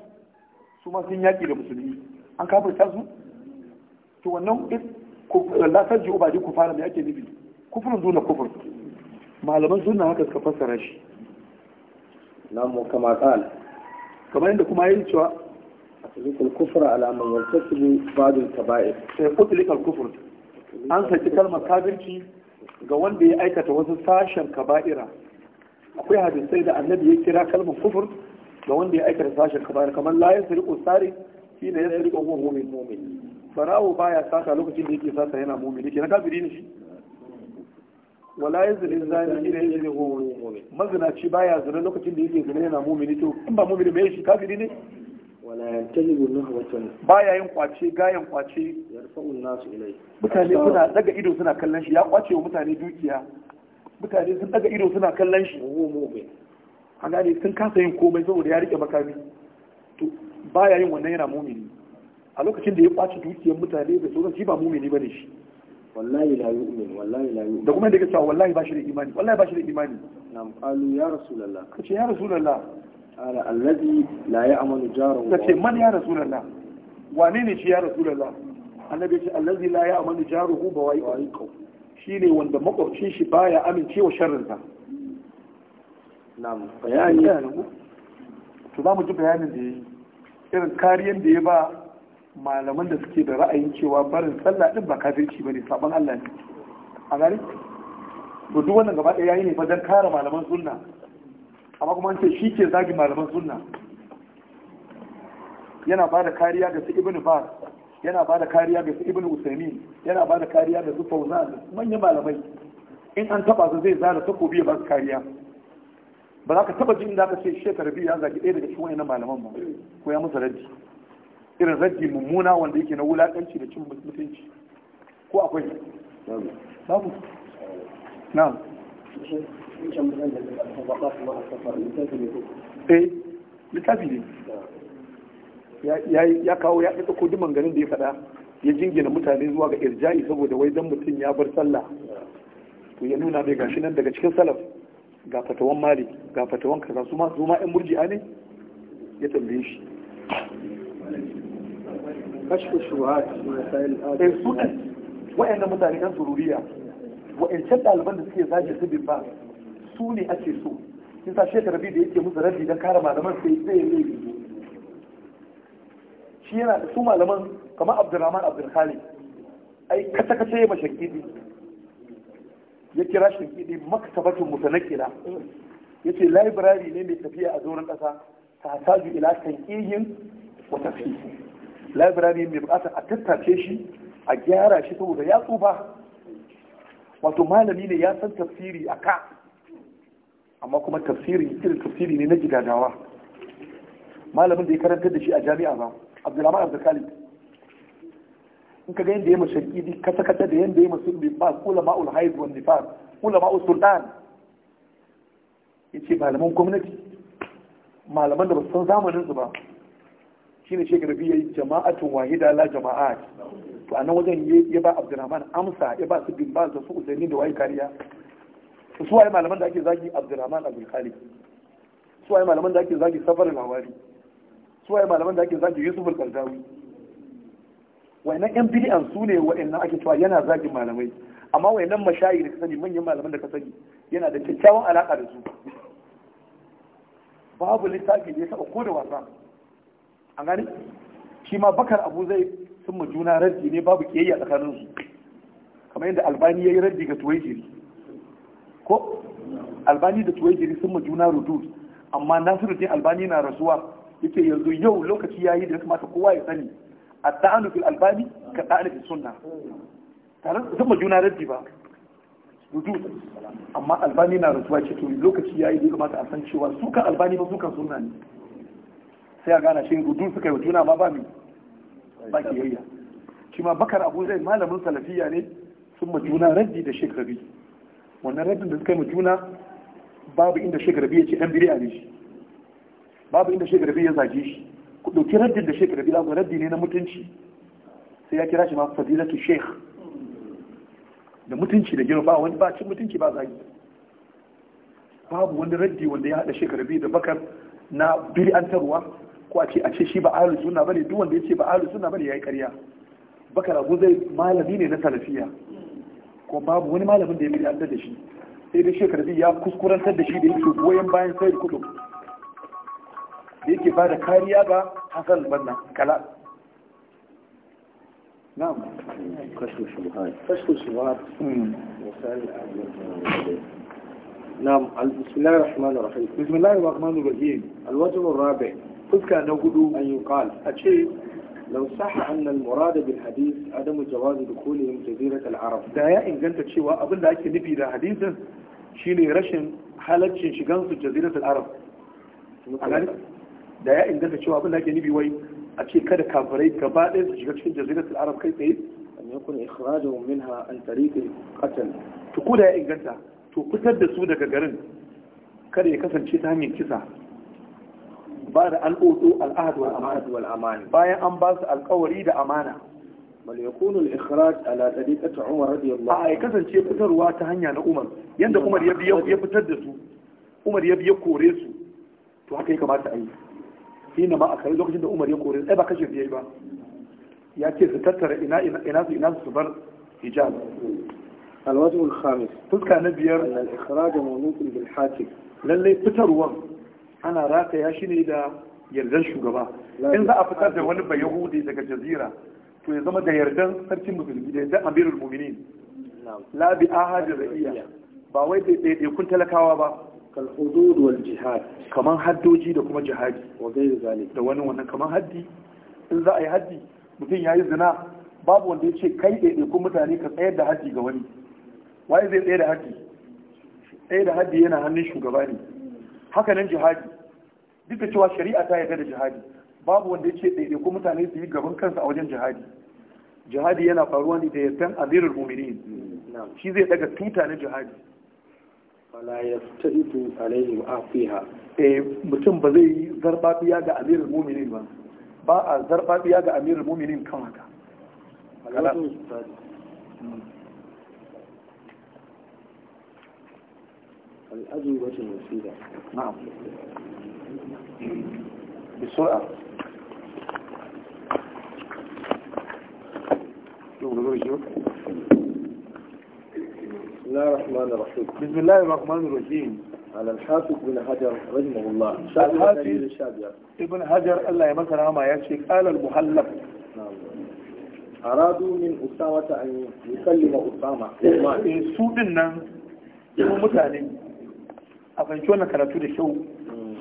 su ma sun yaki da musulmi an kafirta su to wannan la tarji'u ba'di kufaran me ake nufi kufrun duna kufur malaman sunna haka suka fassara shi namu kama qala kamar yadda kuma yayin cewa atlikul kufra ala man yartasibu ba'dul kaba'ir sai eh, utlikul kufr an saki kalmar kafirci ga wanda ya aikata wasu sashen kaba'ira akwai hadisai da annabi ya kira kalmar kufur ga wanda ya aikata sashen kaba'ira kamar la yasriqu sari shi ne yasriqu huwa mu'min barawo baya sata lokacin da yake sata yana mu'min yake na kafiri ne shi wala ya zini zani shi ne yake mumin mazinaci baya zina lokacin da yake zina yana mumini to in ba mumini mai shi kafiri ne wala yantajibu nahwatan baya yin kwace gayan kwace yarfa'u nasu ilai mutane suna daga ido suna kallon shi ya kwace wa mutane dukiya mutane sun daga ido suna kallon shi wa mumin ne sun kasa yin komai saboda ya rike makami to baya yin wannan yana mumini a lokacin da ya kwace dukiyar mutane da sauran shi ba mumini ne shi wallahi la yu'min wallahi la yu'min da kuma da yake cewa wallahi ba shi da imani wallahi ba shi da imani na'am qalu ya rasulullah kace ya rasulullah ala allazi la ya'manu jaruhu kace man ya rasulullah wane ne shi ya rasulullah annabi ce allazi la ya'manu jaruhu ba wai ko shine wanda makwabcin shi baya amincewa sharrinta. na'am bayani to za mu ji bayanin da yayi irin kariyan da ya ba malaman da suke da ra'ayin cewa barin sallah din ba kafirci bane saban Allah ne a gare to duk wannan gaba ɗaya yayi ne fa kare malaman sunna amma kuma an ce shi ke zagi malaman sunna yana ba da kariya ga su Ibnu Baz yana ba da kariya ga su Ibnu Usaimin yana ba da kariya ga su Fauzan manyan malamai in an taba su zai zara takobi ya ba su kariya ba za ka taba jin da ka ce shekar biyu ya zagi ɗaya daga cikin wani malaman ba ko ya musu raddi irin raddi mummuna wanda yake na wulakanci da cin mutunci ko akwai babu na'am eh littafi ne ya kawo ya ɗaɗa ko garin da ya faɗa ya jingina mutane zuwa ga irja'i saboda wai dan mutum ya bar sallah to ya nuna mai gashi nan daga cikin salaf ga fatawan mali ga fatawan kaza su ma su ma yan murji'a ne ya tambaye shi kashfu shuhat masail al eh, wa'annan mutane kan sururiya wa'ancan ɗaliban da suke zage su ba su ne ake so sun sa shekar rabi da yake musu rabi don kare malaman sai zai yi shi yana da su malaman kamar abdurrahman abdulkhali ai kace kace ya mashakidi ya kira shakidi maktabatun mutanakira yace library ne mai tafiya a doron kasa ta taju ila kan tanqihin wa tafsir library mai bukatar a tattace shi a gyara shi saboda ya tsufa wato malami ne ya san tafsiri a ka amma kuma tafsiri irin tafsiri ne na gidajawa malamin da ya karanta da shi a jami'a ba abdulrahman abdulkalib in ka ga yadda ya mashakidi kasa kasa da yadda ya masu bifas ulama ul haiz wa Nifar, ulama ul sultan ce malaman gwamnati malaman da ba san zamaninsu ba shine shek rabi yayi jama'atun wahida la jama'at to a nan wajen ya ba abdurrahman amsa ya ba su bin da su usaini da waye kariya su waye malaman da ake zagi abdurrahman abdul khalid su waye malaman da ake zagi safar lawari su waye malaman da ake zagi yusuf al-qardawi wayannan yan bid'an su ne wayannan ake cewa yana zagin malamai amma wayannan mashayi da ka sani manyan malaman da ka sani yana da kyakkyawan alaka da su babu littafi da ya saba ko da wasa an gani shi ma bakar abu zai sun ma juna raddi ne babu kiyayya tsakanin su kamar yadda albani ya yi raddi ga jiri ko albani da jiri sun ma juna rudu amma nasiruddin albani na rasuwa yake yanzu yau lokaci ya yi da ya kamata kowa ya sani a ta'anu fil albani ka ta'anu fil sunna tare sun ma juna raddi ba rudu amma albani na rasuwa ce to lokaci ya yi da ya kamata a san cewa sukan albani ba sukan sunna ne sai a gana shi rudu suka yi wa juna ma ba mi ba kiyayya shi ma bakar abu zai malamin salafiya ne sun ma juna raddi da shekarabi wannan raddin da suka yi ma juna babu inda shekarabi ya ce ɗan biriya ne shi babu inda shekarabi ya zage shi ku ɗauki raddin da shekarabi za ku raddi ne na mutunci sai ya kira shi ma fadilatu sheikh da mutunci da girma ba wani ba cin mutunci ba zagi babu wani raddi wanda ya haɗa shekarabi da bakar na bil'antarwa ko a ce a ce shi ba ahlus sunna bane duk wanda yace ba ahlus sunna bane yayi ƙarya baka abu zai malami ne na salafiya ko babu wani malamin da ya miliyar da shi sai dai biyu ya kuskurantar da shi da yake goyon bayan sayar kudu da yake ba da kariya ga hasan banna kala na'am kashin shubuhat kashin shubuhat نعم بسم الله الرحمن الرحيم بسم الله الرحمن الرحيم الوجه الرابع fuska na hudu an yi a ce لو صح Adamu المراد بالحديث عدم جواز دخولهم جزيرة العرب Da ya inganta cewa abin da ake نبي da حديثا shine rashin halaccin شنشغان su جزيرة العرب da ya inganta cewa abin da ake nufi wai a ce kada kafirai gaba ɗaya su shiga cikin jaziratul arab kai tsaye an yakun ikhraju minha an tariqil qatl to ko da ya inganta to fitar da su daga garin kada ya kasance ta hanyar kisa بعد أن أوتوا الأهد والأمان باين أن باس القوري دا أمانة بل يكون الإخراج على طريقة عمر رضي الله آه، عنه آه كسن شيء فتر واتهنيا عمر أمم. يند نعم. عمر يبي يفتر دسو عمر يبي يكوريسو تو هكا يكمata ayi shine ma akai lokacin da Umar ya kore sai ba kashe biye ba ya ce su tattara ina ina su ina su bar hijab الوجه الخامس تذكر نبير أن الإخراج منوط بالحاكم للي فتر وان ana rataya shi ne da yardar shugaba in za a fitar da wani bayahudi daga jazira to ya zama da yardan sarkin musulmi da yardan amirul muminin la bi ahadi ra'iya ba wai da ɗaiɗaikun talakawa ba kal jihad kamar haddoji da kuma jihadi da wani wannan kamar haddi in za a yi haddi mutum ya yi zina babu wanda ya ce kai ɗaiɗaikun mutane ka tsayar da haddi ga wani waye zai tsaye da haddi tsaye da haddi yana hannun shugaba ne haka nan jihadi duk da cewa shari'a ta yarda da jihadi babu wanda yake ɗaiɗai ko mutane su yi gaban kansa a wajen jihadi jihadi yana faruwa ne da yardan amirul mu'minin shi zai daga tuta na jihadi wala yastaitu alaihim afiha eh mutum ba zai yi zarbabiya ga amirul mu'minin ba ba a zarbabiya ga amirul mu'minin kan haka الأجوبة الوسيلة نعم بسرعة بسم الله الرحمن الرحيم بسم الله الرحمن الرحيم على الحافظ بن حجر رحمه الله الحافظ ابن حجر الله يمكن ما يشي قال المحلب نعم. أرادوا من أسامة أن يسلم أسامة إيه، سوء النام متعلم a fahimci wannan karatu da kyau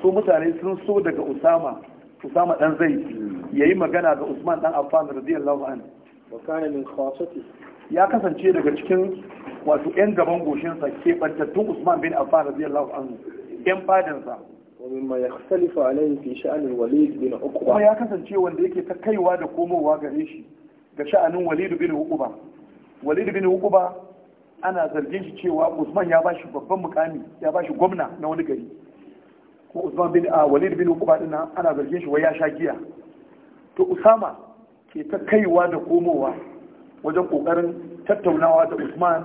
su mutane sun so daga usama usama dan zai yi magana ga usman dan affan radiyallahu anhu ya kasance daga cikin wato yan gaban goshin sa kebantattun usman bin affan radiyallahu anhu yan fadansa. sa ومما يختلف عليه في شأن الوليد بن عقبة ما يكسن شيء وانده يكي تكيوا دا كومو واغا ايشي دا بن عقبة وليد بن عقبة ana zargin shi cewa usman ya bashi babban mukami ya bashi gwamna na wani gari ko usman bin a ah, walid bin Uqba din ana zargin shi wai ya sha giya to usama ke ta kaiwa da komowa wajen kokarin tattaunawa da usman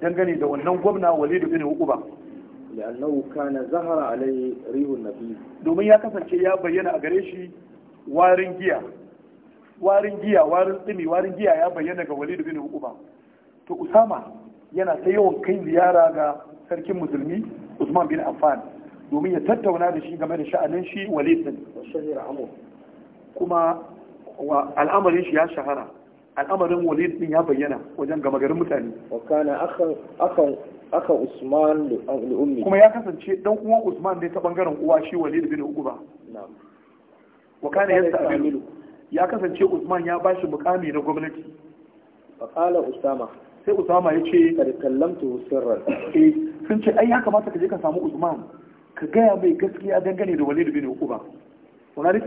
dangane da wannan gwamna walid bin Uqba ba kana zahara alai عليه nabi domin ya kasance ya bayyana a gare shi warin giya warin giya warin tsimi warin giya ya bayyana ga Walid bin Uqba to Usama yana ta yawan kai ziyara ga sarkin musulmi Usman bin Affan domin ya tattauna da shi game da sha'anin shi Walid din kuma al'amarin shi ya shahara al'amarin Walid din ya bayyana wajen gama garin mutane wa kana akan Usman li ummi kuma ya kasance dan uwan Usman ne ta bangaren uwa shi Walid bin Uqba na'am wa kana yasta'milu ya kasance Usman ya bashi mukami na gwamnati fa qala Usama sai usama ya ce kallamtu sirran eh, sun ce ai ya kamata ka je ka samu usman ka gaya mai gaskiya dangane da walid bin uquba ne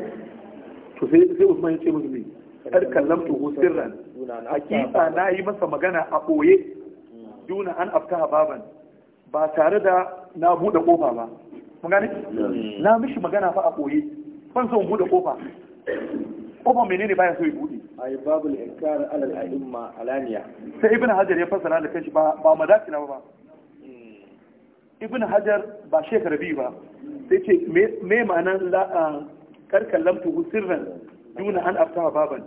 to sai sai usman ya ce musu ne kada kallamtu sirran hakika na yi masa magana a boye duna an afka baban ba tare da na bude kofa ba mun gane hmm. na mishi magana fa a boye ban son bude kofa kofa menene baya so ya bude ay babul inkar ala al-a'imma alaniya sai ibn hajar ya fassara da kanshi ba ba madakila ba ibn hajar ba shekara biyu ba sai ce me ma'anan karkan lamtu sirran duna an afta baban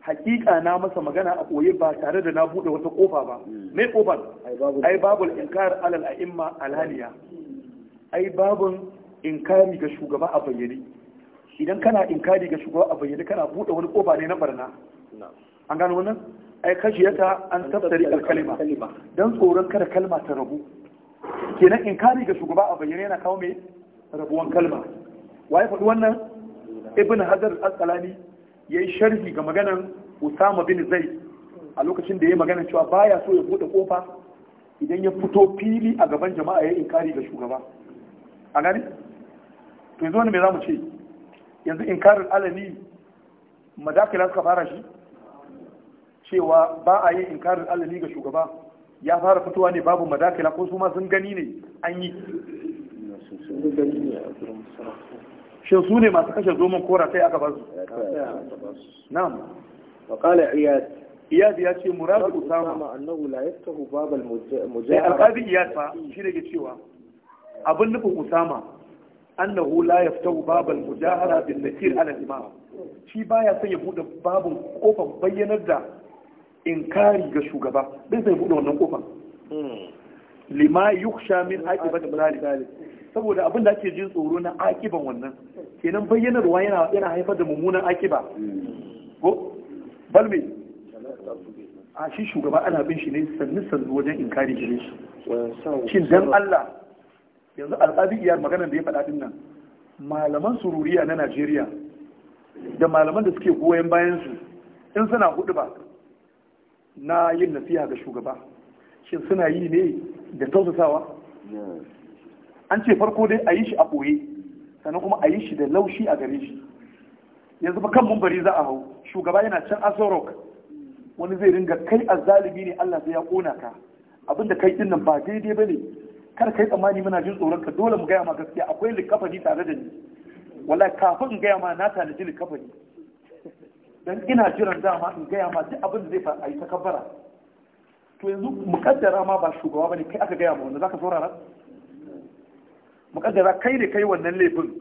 hakika na masa magana a koyi ba tare da na bude wata kofa ba me kofar ai babul inkar ala al-a'imma alaniya ai babun inkari ga shugaba a bayyane idan kana inkari ga shugaba a bayyane kana buɗe wani kofa ne na barna an gano wannan ai yata an tattari kalma dan tsoron kada kalma ta rabu kenan inkari ga shugaba a bayyane yana kawo mai rabuwan kalma waye faɗi wannan ibn hazar al-asqalani yayi sharhi ga maganan usama bin zaid a lokacin da ya maganan cewa baya so ya buɗe kofa idan ya fito fili a gaban jama'a ya inkari ga shugaba a gani to yanzu wani me zamu ce yanzu inkarin alami madakila suka fara shi cewa ba a in inkarin alami ga shugaba ya fara fitowa ne babu madakila ko su ma sun gani ne an yi shin su ne masu kashe zoman kora sai aka basu na'am wa qala iyad iyad ya ce murad usama annahu la yaftahu bab al mujahara alqadi iyad fa shi ne ke cewa abin nufin usama annahu la yaftahu babal mujahara bin nakir ala imam shi baya son ya bude babun kofar bayyanar da inkari ga shugaba bai sai bude wannan kofar lima yukhsha min aqibat zalik saboda abin da ake jin tsoro na akiban wannan kenan bayyanarwa yana yana haifar da mummunan akiba ko balme a shi shugaba ana bin shi ne sannu sannu wajen inkari gare shi shin dan Allah yanzu alƙadi iyar maganar da ya faɗa din nan malaman sururiya na Najeriya da malaman da suke goyon bayan su in suna hudu ba na yin nasiha ga shugaba shin suna yi ne da tausasawa an ce farko dai a yi shi a koye sannan kuma a yi shi da laushi a gare shi yanzu ba kan bari za a hau shugaba yana can asorok wani zai ringa kai a zalibi ne allah sai ya kona ka abinda kai din nan ba daidai ba ne kar kai tsammani muna jin tsoron ka dole mu gaya ma gaskiya akwai likafani tare da ni wallahi kafin in gaya ma na tanaji likafani dan ina jiran dama in gaya ma duk abin da zai fa ayi takabbara to yanzu mukaddara ma ba shugaba bane kai aka gaya ma wanda zaka saurara mukaddara kai ne kai wannan laifin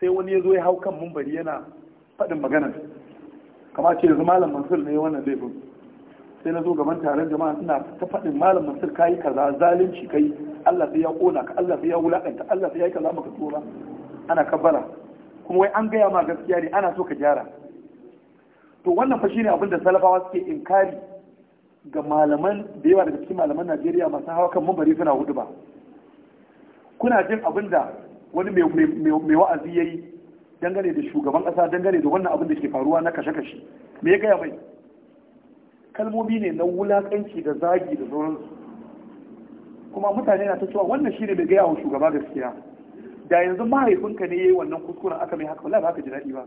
sai wani ya zo ya hau kan mumbari yana faɗin maganar kamar ce yanzu malam mansur ne wannan laifin sai na zo gaban taron jama'a suna ta faɗin malam mansur kayi kaza zalunci kai Allah sai ya kona ka Allah sai ya wulakanta Allah sai ya yi kaza maka tsora. ana kabbara kuma wai an gaya ma gaskiya ne ana so ka gyara to wannan fa shine abin da salafawa suke inkari ga malaman da yawa daga cikin malaman Najeriya masu hawa kan mambari suna hudu ba kuna jin abin da wani mai wa'azi yayi dangane da shugaban kasa dangane da wannan abin da ke faruwa na kashe-kashe me ya gaya mai kalmomi ne na wulakanci da zagi da sauransu kuma mutane na ta cewa wannan shi ne mai gaya wa shugaba gaskiya da yanzu mahaifinka ne yayi wannan kuskuren aka mai haka wallahi ba ka ji daɗi ba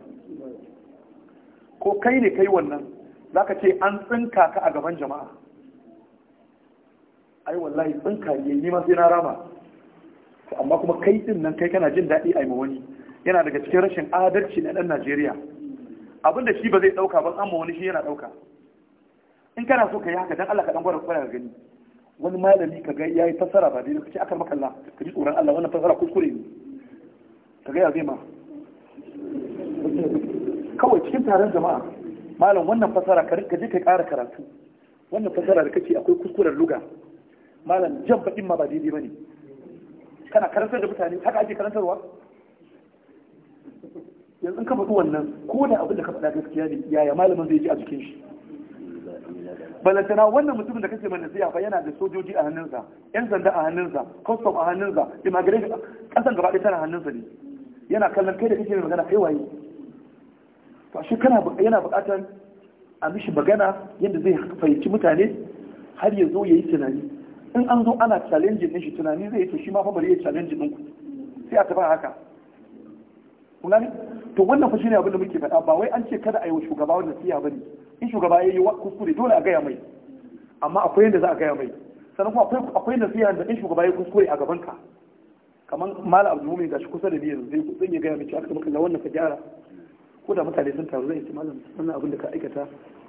ko kai ne kai wannan zaka ce an tsinka ka a gaban jama'a ai wallahi tsinka ne ni ma sai na rama amma kuma kai din nan kai kana jin daɗi a wani yana daga cikin rashin adalci na ɗan Najeriya abinda shi ba zai ɗauka ba amma wani shi yana ɗauka in kana so ka yi haka dan Allah ka dan gwada ka gani wani malami ka ga yayi fasara ba dai kace aka maka Allah ka ji tsoron Allah wannan fasara kuskure ne ka ga zai ma kawai cikin taron jama'a malam wannan fasara ka rinka je ka ƙara karatu wannan fasara da kake akwai kuskuren luga malam jan baɗin ma ba daidai bane kana karantar da mutane haka ake karantarwa yanzu in ka faɗi wannan ko da abin da ka faɗa gaskiya ne yaya malamin zai ji a jikin shi balantana wannan mutumin da kake mai nasiya fa yana da sojoji a hannunsa yan sanda a hannunsa custom a hannunsa immigration kasan gaba ɗaya tana hannunsa ne yana kallon kai da kake mai magana kai waye to shi kana yana buƙatar a mishi magana yadda zai fahimci mutane har ya zo ya yi tunani in an zo ana challenge din shi tunani zai yi to shi ma fa bari ya challenge din ku sai a tafi haka kun to wannan fa shine abin da muke faɗa ba wai an ce kada a yi wa shugaba wannan siya bane in shugaba ya yi kuskure dole a gaya mai amma akwai yadda za a gaya mai sannan kuma akwai nasiha da in shugaba ya kuskure a gaban ka kamar malam abu mumin gashi kusa da ni yanzu zai zan iya gaya mai cewa aka wannan fa gyara ko da mutane sun taru zai ce malam wannan abin da ka aikata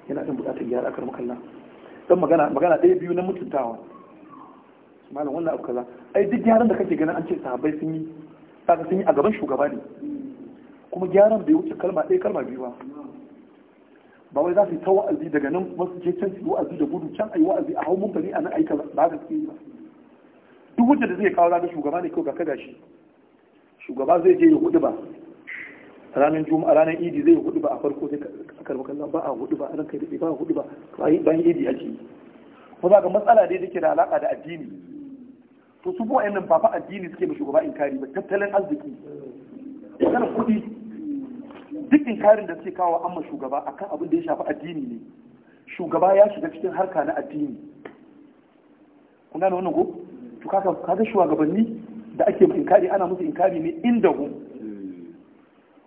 yana da buƙatar gyara aka makalla dan magana magana ɗaya biyu na mutuntawa malam wannan abu kaza ai duk gyaran da kake ganin an ce sahabbai sun yi sun yi a gaban shugaba ne kuma gyaran bai wuce kalma ɗaya kalma biyu ba ba wai za su yi ta wa'azi daga nan kuma su je can su wa'azi da gudu can a yi wa'azi a hau mun bari a nan aika ba haka suke yi ba duk wanda da zai kawo ranar shugaba ne kawai ka gashi shugaba zai je ya hudu ba ranar juma'a ranar idi zai hudu ba a farko sai ka karbi kallon ba a hudu ba a ranka da ba a hudu ba bayan idi ake yi kuma za ka matsala dai take da alaka da addini to su kuma nan ba fa addini suke ba shugaba inkari ba tattalin arziki kana kuɗi duk karin da suke kawo amma shugaba akan abin da ya shafi addini ne shugaba ya shiga cikin harka na addini kuna da wannan ko to kaka kaga shugabanni da ake inkari ana musu inkari ne inda gu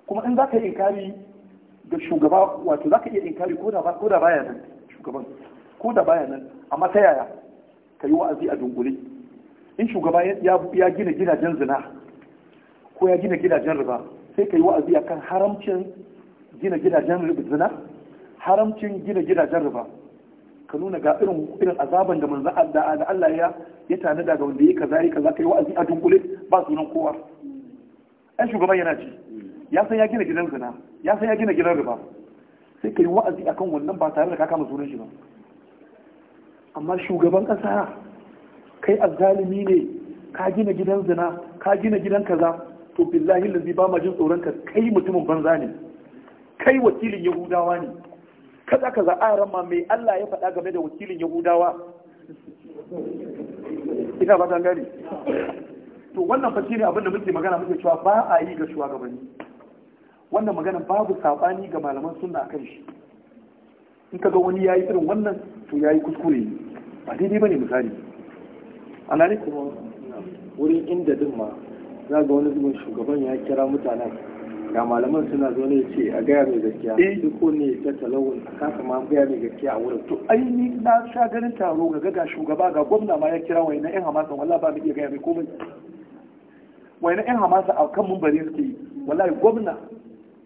kuma in zaka yi inkari ga shugaba wato zaka iya inkari ko da ba ko da baya nan shugaban ko da baya nan amma ta yaya ka yi wa'azi a dungule in shugaba ya gina gidajen zina ko ya gina gidajen riba sai ka yi wa'azi kan haramcin gina gidajen zina haramcin gina gidajen riba ka nuna ga irin irin azaban da manzo da Allah ya ya tana daga wanda yake kaza yake ka yi wa'azi a dunkule ba sunan kowa ai shugaban yana ji ya san ya gina gidan zina ya san ya gina gidan riba sai ka yi wa'azi a kan wannan ba tare da ka kama sunan shi ba amma shugaban kasa kai azzalimi ne ka gina gidan zina ka gina gidan kaza to billahi lazi ba ma jin tsoron ka kai mutumin banza ne kai wakilin yahudawa ne kaza kaza a rama mai Allah ya faɗa game da wakilin yahudawa ina ba ta to wannan fa shine abin da muke magana muke cewa ba a yi ga shugabanni wannan magana babu sabani ga malaman sunna akan shi in kaga wani yayi irin wannan to yayi kuskure ne ba daidai bane misali ana ne kuma wurin inda din ma za ga wani zubin shugaban ya kira mutanen ga malaman suna zo ne ce a gaya mai gaskiya eh. duk ne ta talawun a kasa ma gaya mai gaskiya a wurin to ai ni na sha ganin taro ga ga shugaba ga gwamna ma ya kira wai na yan hamasa wallahi ba mu iya gaya mai komai wai na yan hamasa a kan bari suke wallahi gwamna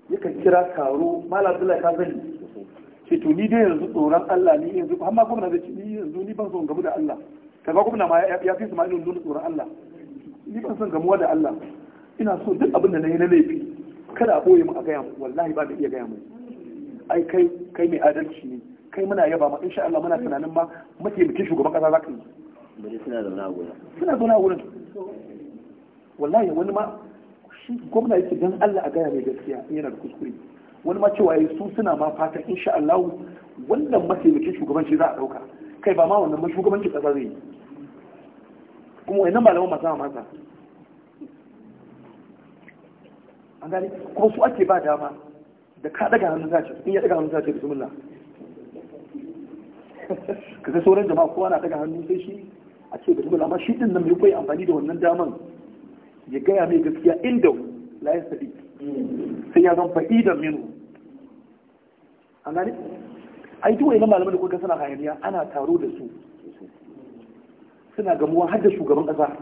yakan kira taro malam abdullahi ka zani ce to ni dai yanzu tsoron Allah ni yanzu amma gwamna ni yanzu ni ban so gabu da Allah kaga gwamna ma ya fi su ma irin tsoron Allah ni ban san gamuwa da Allah ina so duk abin da na yi na laifi kada a boye mu a gaya mu wallahi ba da iya gaya mu ai kai kai mai adalci ne kai muna yaba ma insha Allah muna tunanin ma mataimakin shugaban kasa zaka yi bari suna zauna a gurin suna zauna a gurin wallahi wani ma shi gwamna yake dan Allah a gaya mai gaskiya yana da kuskure wani ma cewa yi su suna ma fatan insha Allah wannan mataimakin shugabanci za a dauka kai ba ma wannan ma shugabancin kasa zai yi kuma wannan malaman masu hamasa an gani ko su ake ba dama da ka daga hannun zace in ya daga hannun zace ka kaga sauran jama'a kowa na daga hannun sai shi a ce bismillah amma shi din nan mai koyi amfani da wannan daman ya gaya mai gaskiya inda la ya sadi sai ya zan fa'idan minu an gani ai duwai na malamin da kuka suna hayaniya ana taro da su suna gamuwa har da shugaban ƙasa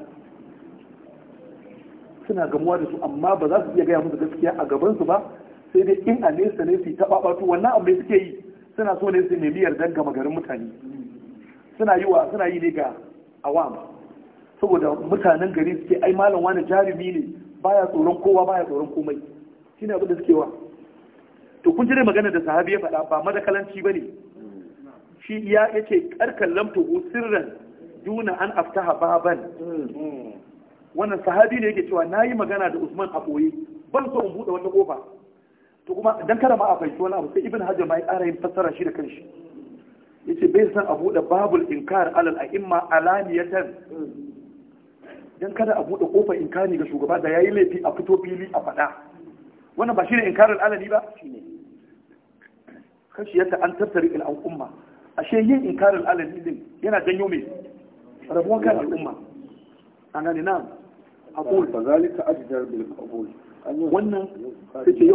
suna gamuwa da su amma ba za su iya gaya musu gaskiya a gabansu ba sai dai in a nesa ne su taɓaɓatu wannan abin suke yi suna so ne su nemi yardar gama garin mutane suna yi wa suna yi ne ga awam saboda mutanen gari suke ai malam wani jarumi ne baya tsoron kowa baya tsoron komai shine abin da suke wa to kun ji dai magana da sahabi ya faɗa ba madakalanci bane shi iya yake karkan lamtu sirran duna an aftaha baban wannan sahabi ne yake cewa na yi magana da usman a ɓoye ban so in buɗe wata ƙofa to kuma dan kada ma a fahimci wani abu sai ibn hajar ma ya ƙara yin fassara shi da kanshi yace bai san a buɗe babul inkar alal a'imma alaniyatan dan kada a buɗe ƙofar inkari ga shugaba da yayi laifi a fito fili a faɗa wannan ba shine inkarin alani ba shine kashi yadda an tattari al'umma umma ashe yin inkarin alani din yana janyo mai rabuwan kan al'umma an gane na aqul fa zalika ajdar bil qabul wannan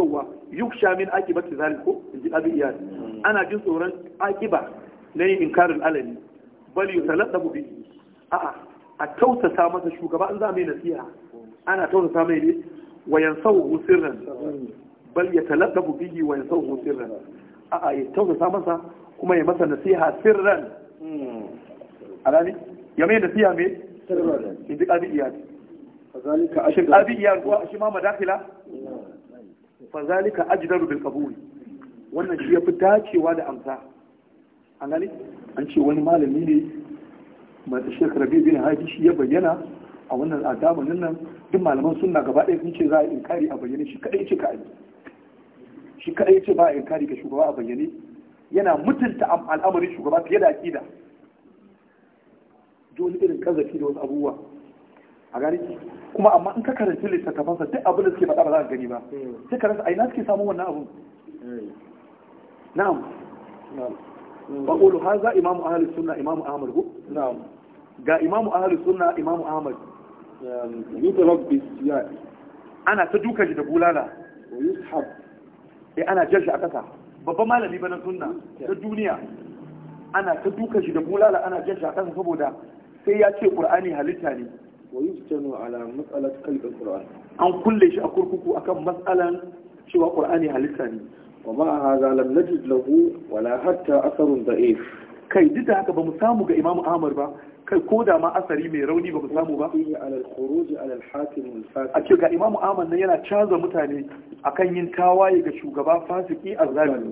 wa yuk shamin min ta zalik ko ji abin iya hmm. ana jin tsoron akiba na yin inkarin alani bal yutalaqabu bi a'a a tausasa masa shugaba an za mai nasiha ana tausasa mai ne wa yansahu sirran bal yi wayan sau yansahu a a'a ya tausasa masa kuma ya masa nasiha sirran hmm. alani ya da siya me in ji abi iyad shin abi iyad kuwa shi ma madakila fazalika ajidar rubin qabul wannan shi yafi dacewa da amsa an gani an ce wani malami ne mai shekh rabi bin haji shi ya bayyana a wannan adamunin nan duk malaman suna gaba ɗaya sun ce za a inkari a bayyane shi kaɗai ce ka shi kaɗai ce ba a inkari ga shugaba a bayyane yana mutunta al'amarin shugaba fiye da aƙida wani irin kazafi da wasu abubuwa a gani kuma amma in ka karanci littattafansa duk abin da suke faɗa ba za ka gani ba hmm. sai ka rasa aina suke samun wannan abun hmm. na'am hmm. fa qulu za imamu ahli sunna imamu ahmad ko na'am ga imamu ahli sunna imamu ahmad yudrab bis ya ana ta duka shi da bulala yushab eh ana jar shi a kasa babban malami ba na sunna ta duniya ana ta duka shi da bulala ana jar shi a kasa saboda sai ya ce qur'ani halitta ne ala an kulle shi a kurkuku akan matsalar cewa qur'ani halitta ne wa ma hadha lam najid lahu wala hatta asarun da'if kai duk da haka ba mu samu ga imamu ahmad ba kai ko da ma asari mai rauni ba mu samu ba a ce ga imamu ahmad nan yana canza mutane akan yin tawaye ga shugaba fasiki a zalimi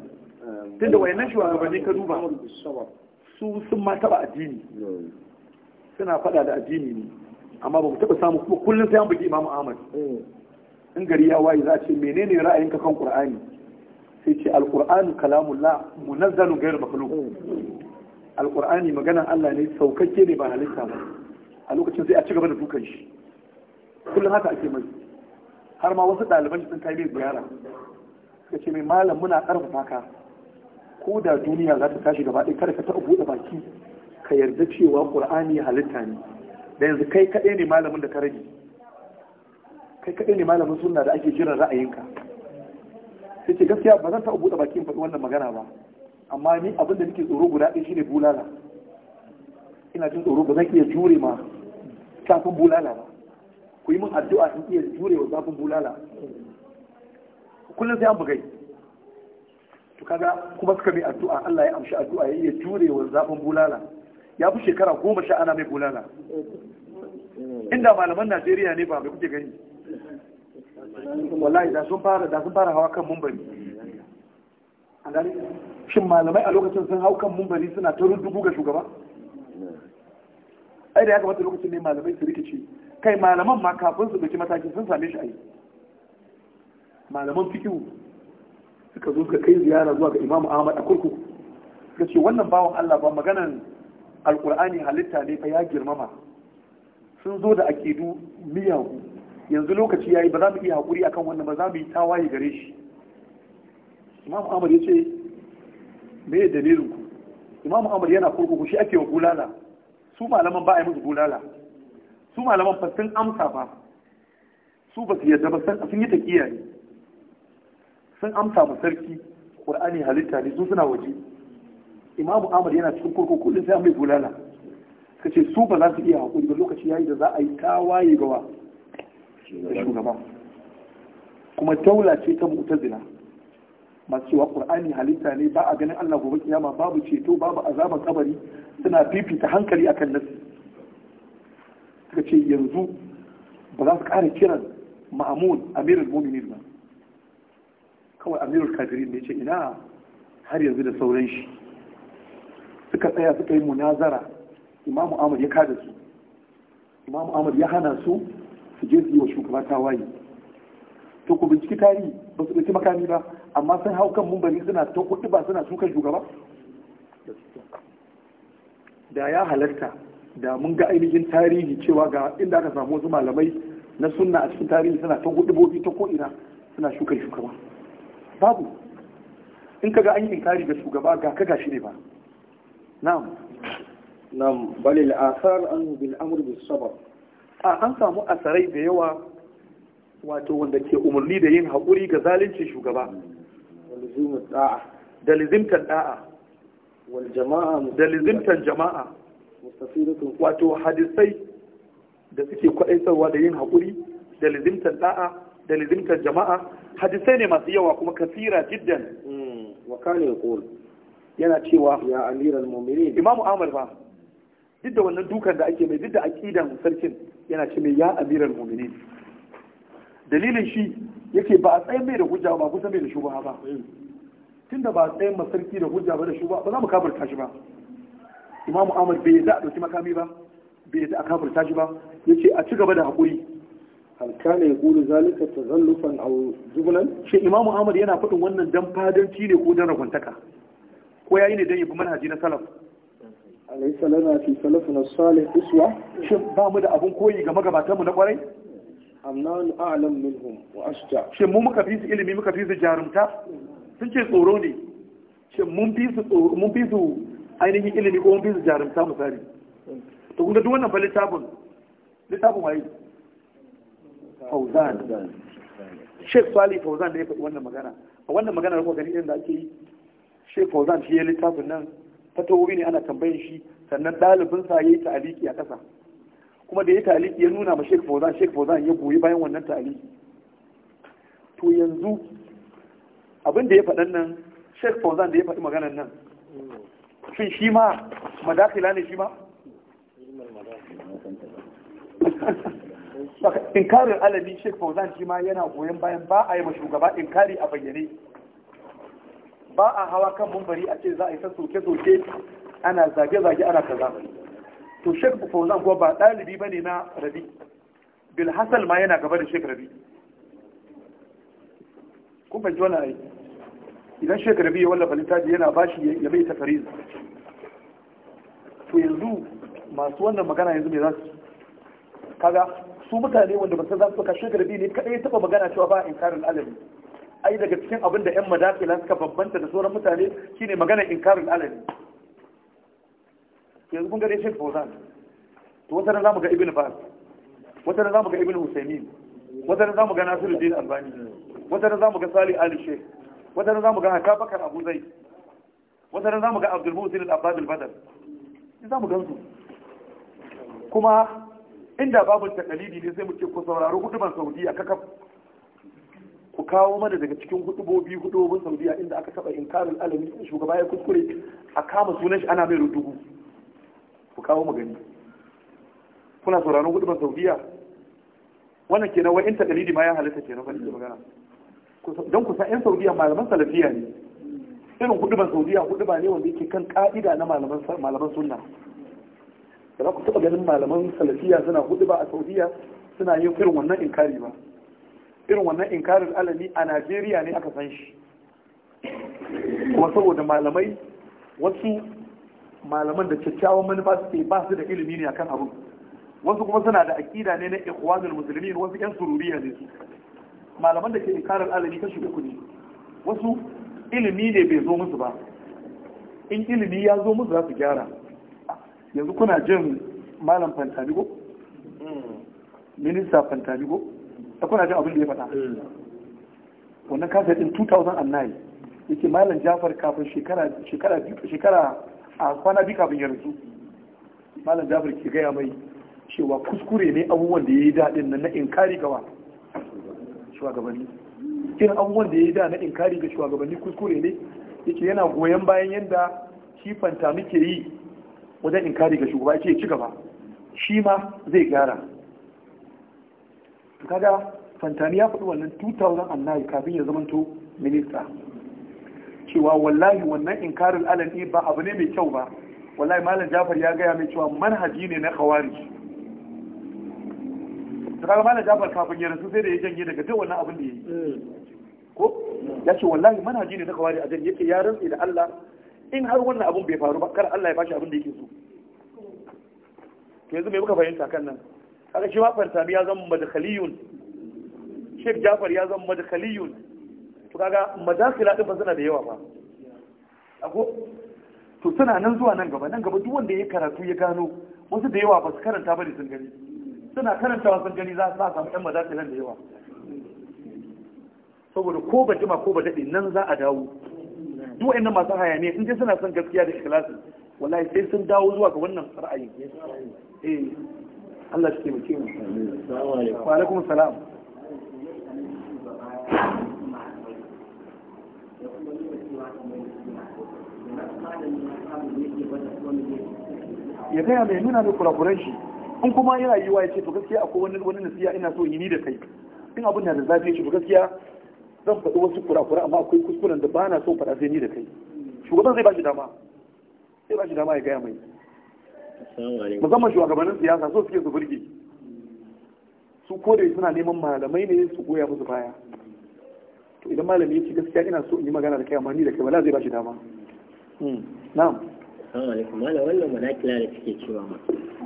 tunda wayannan shugabanni ka duba su sun ma taba addini suna faɗa da addini ne amma ba mu taɓa samu kuma kullum sai an bugi imamu ahmad eh. in gari ya waye za a ce menene ra'ayinka kan qur'ani sai ce alqur'anu kalamullah munazzalun ghayr makhluq eh. alqur'ani maganan Allah ne saukakke ne ba halitta ba a lokacin sai a ci gaba da dukan shi kullum haka ake mai har ma wasu ɗaliban sun kai mai ziyara suka ce mai malam muna ƙarfafa ka ko da duniya za ta tashi gaba ɗaya kada ka taɓa buɗe baki ka yarda cewa qur'ani halitta ne da yanzu kai kaɗai ne malamin da ka rage kai kaɗai ne malamin sunna da ake jiran ra'ayinka sai ce gaskiya ba zan taɓa buɗe bakin faɗi wannan magana ba amma ni abin da nake tsoro guda ɗaya shine bulala ina jin tsoro ba zan iya jure ma zafin bulala ba ku yi min addu'a in iya jure wa zafin bulala kullum sai an bugai to kaga kuma suka mai addu'a Allah ya amshi addu'a ya iya jure wa zafin bulala ya fi shekara goma sha ana mai bulala inda malaman najeriya ne ba mai kuke gani wallahi da sun fara da sun fara hawa kan mumbari an gani shin malamai a lokacin sun hau kan mumbari suna ta dubu ga shugaba ai da ya kamata lokacin ne malamai su rikice kai malaman ma kafin su dauki mataki sun same shi ai malaman fikihu suka zo suka kai ziyara zuwa ga imamu ahmad a kurkuku suka ce wannan bawan allah ba maganan alkur'ani halitta ne fa ya girmama sun zo da akidu miyagu yanzu lokaci yayi ba za mu iya hakuri akan wannan ba za mu yi tawaye gare shi imam ya yace me dalilin ku imam amr yana kurkuku shi ake wa bulala su malaman ba a yi musu bulala su malaman fa sun amsa ba su ba su yadda ba sun yi taqiya ne sun amsa ma sarki qur'ani halitta ne su suna waje imamu ahmad yana cikin kurkuku kullum sai mai bulala suka ce su ba za su iya hakuri ba lokaci yayi da za a yi tawaye gawa da shugaba kuma Taula ce ta mu'tazila masu cewa qur'ani halitta ne ba a ganin Allah gobe kiyama babu ceto babu azabar kabari suna fifita hankali akan nasi suka ce yanzu ba za su ƙara kiran ma'amun amirul mu'minin ba kawai amirul Kadirin ne ce ina har yanzu da sauran shi suka tsaya suka yi munazara imamu amur ya kada su imamu amur ya hana su su je su yi wa shugaba tawaye to ku binciki tarihi ba su ɗauki makami ba amma sun hau kan mumbari suna ta kuɗi ba suna sukan shugaba da ya halarta da mun ga ainihin tarihi cewa ga inda aka samu wasu malamai na sunna a cikin tarihi suna ta bobi ta ko'ina suna shukar shugaba babu in ka ga an yi inkari ga shugaba ga ka gashi ne ba na'am na'am balil asar an bil amr bis a an samu asarai da yawa wato wanda ke umarni da yin haƙuri ga zalincin shugaba da lizimtar da'a da lizimtar jama'a wato hadisai da suke kwaɗaitarwa da yin haƙuri da lizimtar da'a da lizimtar jama'a hadisai ne masu yawa kuma kafira jiddan hmm, wa kane ya yana cewa ya amiral mu'minin imamu Amar ba duk da wannan dukan da ake mai duk da aqidan sarkin yana ce mai ya amiral mu'minin dalilin shi yake ba a tsayin mai da hujja ba kusa mai da shubha ba tunda ba a tsayin sarki da hujja ba da shubha ba za mu kafirta shi ba imamu Amar bai yadda a ɗauki makami ba bai yadda a kafirta shi ba yace a ci gaba da haƙuri alkane ya yaqulu zalika tazallufan aw jubnan shi imamu amr yana faɗin wannan dan fadanci ne ko dan ragwantaka ko yayi ne dan yi manhaji na salaf alaysa na fi salafina salih uswa shin ba mu da abun koyi ga magabatan mu na kwarai amnan a'lam minhum wa ashja shin mu muka fi su ilimi muka fi su jarumta sun ce tsoro ne shin mun fi su tsoro mun fi su ainihin ilimi ko mun fi su jarumta misali to kun ga duk wannan fa littafin littafin waye fauzan Sheikh Salih Fauzan da ya faɗi wannan magana a wannan magana da kuma gani irin da ake yi shi fauzan shi ya littafin nan wuri ne ana tambayin shi sannan ɗalibinsa ya yi ta'aliki a ƙasa kuma da ya ta'aliki ya nuna ma shek fauzan shek fauzan ya goyi bayan wannan ta'aliki to yanzu abin da ya faɗan nan shek fauzan da ya faɗi maganan nan shin shi ma madakila ne shi ma inkarin alami shek fauzan shi ma yana goyon bayan ba a yi ma shugaba inkari a bayyane ba a hawa kan mumbari a ce za a yi ta soke-soke ana zage-zage ana kaza to shek fauzan kuwa ba ɗalibi ba ne na rabi hasal ma yana gaba da shek rabi kuma ji wani aiki idan shek rabi ya wallafa littafi yana bashi ya bai ta fariz to yanzu masu wannan magana yanzu mai za su kaga su mutane wanda ba su za su ka shek rabi ne kaɗai taɓa magana cewa ba a inkarin alami ai daga cikin abin da 'yan madafila suka bambanta da sauran mutane shine in inkarin alali yanzu kun gare shek fauzan to wata za mu ga ibn bas wata za mu ga ibn husaymin wata za mu ga nasiruddin albani wata za mu ga sali ali sheikh? wata za mu ga haka bakar abu zai wata za mu ga abdul musin al-abbad al-badr za mu gansu kuma inda babu takalidi ne sai mu ce ku sauraro guduman a kakaf ku kawo mana daga cikin hudubobi hudubobin saudiya inda aka taba inkarin alami shugaba ya kuskure a kama sunan shi ana mai rudugu ku kawo gani kuna sauraron hudubar saudiya wannan kenan wa'in inta dalili ma ya halitta kenan ba da magana don kusa 'yan saudiya malaman salafiya ne irin hudubar saudiya ba ne wanda yake kan ka'ida na malaman sunna da za ku taɓa ganin malaman salafiya suna ba a saudiya suna yin irin wannan inkari ba irin wannan inkarin alami a najeriya ne aka san shi kuma saboda malamai wasu malaman da kyakkyawan manufa suke ba su da ilimi ne akan abin wasu kuma suna da akida ne na ikhwanul muslimin wasu yan sururiya ne su malaman da ke inkarin alami kashi uku ne wasu ilimi ne bai zo musu ba in ilimi ya zo musu za su gyara yanzu kuna jin malam fantanigo hmm. minista fantanigo da kuna jin abin da ya faɗa mm. wannan kafin din 2009 yake malam jafar kafin shekara shekara a kwana bi kafin ya rasu malam jafar ke gaya mai cewa kuskure ne abubuwan da ya yi daɗin nan na inkari gawa shugabanni irin abubuwan da ya yi da na inkari ga shugabanni kuskure ne yake yana goyon bayan yadda kifanta muke yi wajen inkari ga shugaba yake ci gaba shi ma zai gyara kaga fantani ya faɗi wannan 2009 kafin ya zamanto minista cewa wallahi wannan inkarin alani ba abu ne mai kyau ba wallahi malam jafar ya gaya mai cewa manhaji ne na khawarij kaga malam jafar kafin ya rasu sai da ya janye daga duk wannan abin da ya yi mm. ko ya ce wallahi manhaji ne na khawarij a jan yake ya rantsi da Allah in har wannan abun bai faru ba kar Allah ya bashi abin da yake so to yanzu me muka fahimta kan nan kaga shi Jafar fantami ya zama madkhaliyun Sheikh Jafar ya zama madkhaliyun to kaga madakhila din ba suna da yawa ba ako to suna nan zuwa nan gaba nan gaba duk wanda ya karatu ya gano wasu da yawa ba su karanta ba ne sun gani suna karantawa sun gani za su samu ɗan madakhilan da yawa saboda ko ba jima ko ba daɗe nan za a dawo duk wa'annan masu hayaniya sun je suna son gaskiya da ikhlasi wallahi sai sun dawo zuwa ga wannan ra'ayi eh Allah shi taimake mu wa alaikum salam ya gaya mai nuna mai kurakuran shi in kuma yana yiwa ya ce to gaskiya akwai wani wani nasiya ina so yi ni da kai in abin da zafi shi to gaskiya zan faɗi wasu kurakura amma akwai kuskuren da ba na so faɗa sai ni da kai shugaban zai ba shi dama zai ba shi dama ya gaya mai musamman shugabannin siyasa so suke su burge su kodai suna neman malamai ne su goya musu baya to idan malami ya ci gaskiya ina so in yi magana da kai amma ni da kai ba zai ba shi dama hmm. na'am assalamu alaikum malam wannan manakila da suke cewa ma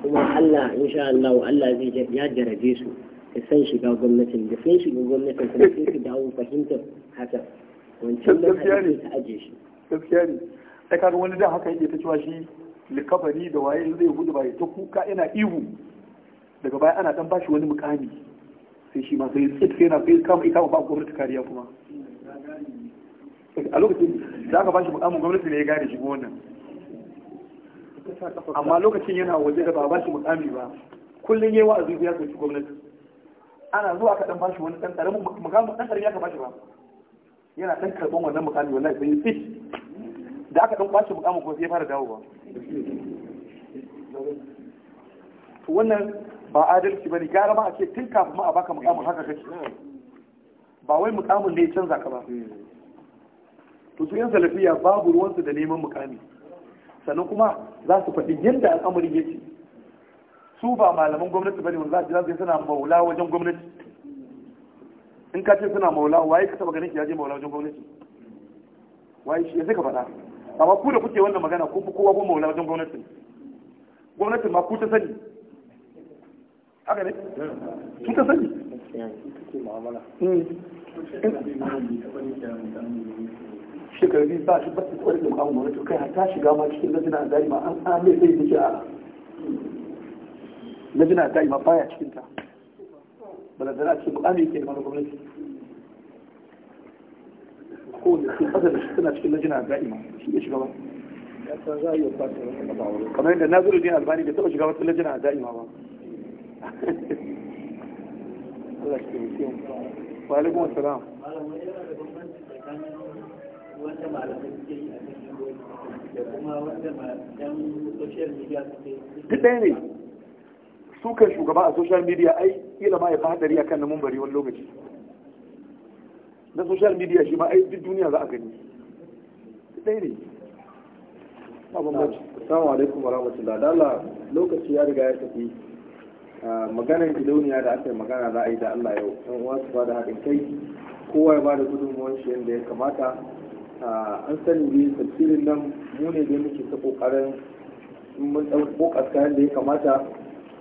kuma Allah insha Allah Allah zai ya jarabe su da san shiga gwamnatin da sai shiga gwamnatin kuma sai su dawo fahimtar haka wancan da ta aje shi gaskiya ne ai kaga wani da haka yake ta cewa shi likabari da waye zai gudu ba ya ta kuka yana ihu daga baya ana dan bashi wani mukami sai shi ma sai tsit sai na sai kama ita ba gwamnati kariya kuma a lokacin da aka bashi mukamin gwamnati ne ya gane shi wannan amma lokacin yana waje da ba bashi mukami ba kullum yayi wa'azi ya soki gwamnati ana zuwa aka dan bashi wani dan karamin mukamin dan karamin ka bashi ba yana dan karban wannan mukami wallahi sai tsit da aka dan kwace mukamin kuma sai ya fara dawowa ba. wannan ba adalci bane gara ma a ce tun kafin ma a baka mukamin haka kake ba wai mukamin ne ya canza ka ba to su yan salafiya babu ruwansu da neman mukami sannan kuma za su faɗi yadda al'amarin yake su ba malaman gwamnati bane wanda za su suna maula wajen gwamnati in ka ce suna maula waye ka taba ganin ki ya je maula wajen gwamnati waye shi zai ka faɗa amma ku da kuke wannan magana ku kowa goma wala wajen gwamnatin gwamnatin ma ku ta sani haka ne ku ta sani hmm. shekaru biyu ba shi ba su kwarin da mu'amun gwamnati kai ta shiga ma cikin lajina a da'ima an ame sai da ke a lajina a da'ima baya cikinta balantana ce mu'amun ke da mana gwamnati kowane su ƙasa da suna cikin lajina da'ima shi ne shiga ba kamar yadda albani shiga wata lajina da'ima ba Allah shi wa a duk ɗaya ne sukan shugaba a social media ai kila ma ya fi hadari akan na mumbari wani lokaci na social media shi ma ai duk duniya za a gani ɗaya ne Assalamu alaikum wa da dala lokaci ya riga ya tafi ah, maganar gidauniya da aka yi magana za a yi da Allah yau ɗan uwa su bada haɗin kai kowa ya bada gudunmuwan shi yadda ya kamata ah, an sani ne tafsirin nan mu ne da muke ta kokarin mun ɗan kokasta yadda ya kamata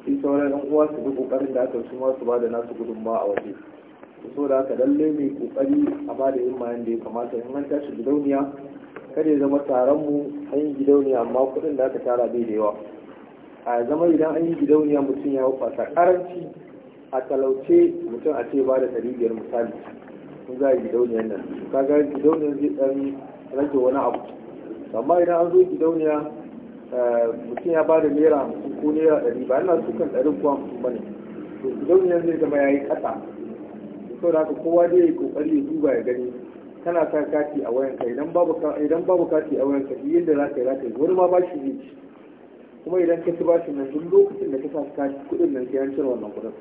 sai sauran ɗan uwa su bi ƙoƙarin da aka su ma su bada nasu gudunmawa a waje so da aka lalle mai kokari a ba da yin mayan da ya kamata in an tashi gidauniya kada ya zama taron mu an yi gidauniya amma kuɗin da aka tara bai da yawa a zama idan an yi gidauniya mutum ya wafata karanci a talauce mutum a ce ba da ɗari biyar misali in za a yi gidauniyan nan kaga gidauniyan zai ɗan rage wani abu amma idan an zo gidauniya eh, mutum ya ba da naira hamsin ko naira ɗari ba yana sukan ɗari kuwa hamsin ba ne to gidauniyan zai zama ya yi ƙasa da haka kowa dai ya kokari ya duba ya gani kana sa kati a wayanka idan babu idan babu kati a wayanka shi yadda za ka yi za ka yi wani ma bashi ne ci kuma idan ka ci bashin nan duk lokacin da ka sa kati kuɗin nan sai an cire wannan kuɗin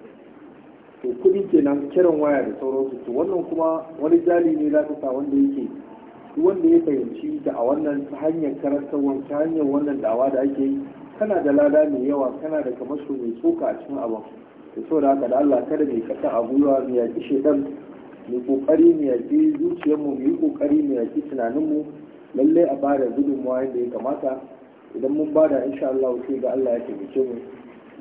to kuɗi kenan kiran waya da sauransu to wannan kuma wani jali ne za ka sa wanda yake wanda ya fahimci da a wannan ta hanyar karantarwar ta hanyar wannan da'awa da ake yi kana da lada mai yawa kana da kamar mai tsoka a cikin abin da so da haka da Allah kada mai kasa a gwiwa mu yaki shedan mu kokari mu yaki zuciyar mu mu yi kokari mu yaki tunanin mu lalle a bada gudunmawa yadda ya kamata idan mun bada insha Allah sai ga Allah ya taimake mu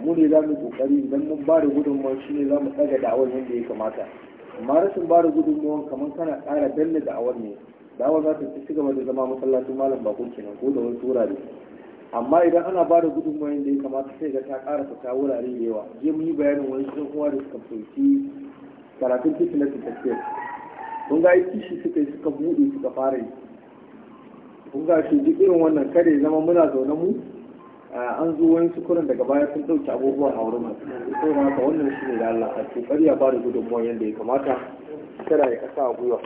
mu ne za mu kokari idan mun bada gudunmawa shine za mu tsaga da'awar yadda ya kamata amma rashin bada gudunmawa kamar kana kara danna da'awar ne da'awar za ta ci gaba da zama masallacin malam bakon kenan ko da wani tura ne amma idan ana ba da gudunmawar da ya kamata sai ga ta kara fita wurare da yawa je mun yi bayanin wani sun kuma da suka fahimci karatun fitilar na tafiyar kun ga yi kishi suka yi suka buɗe suka fara yi kun ga shi duk irin wannan kare zama muna zaune mu an zo wani sukurin daga baya sun ɗauki abubuwan a wurin sai ma wannan shi ne da Allah a kokari ya ba da gudunmawar yadda ya kamata kada ya kasa a gwiwa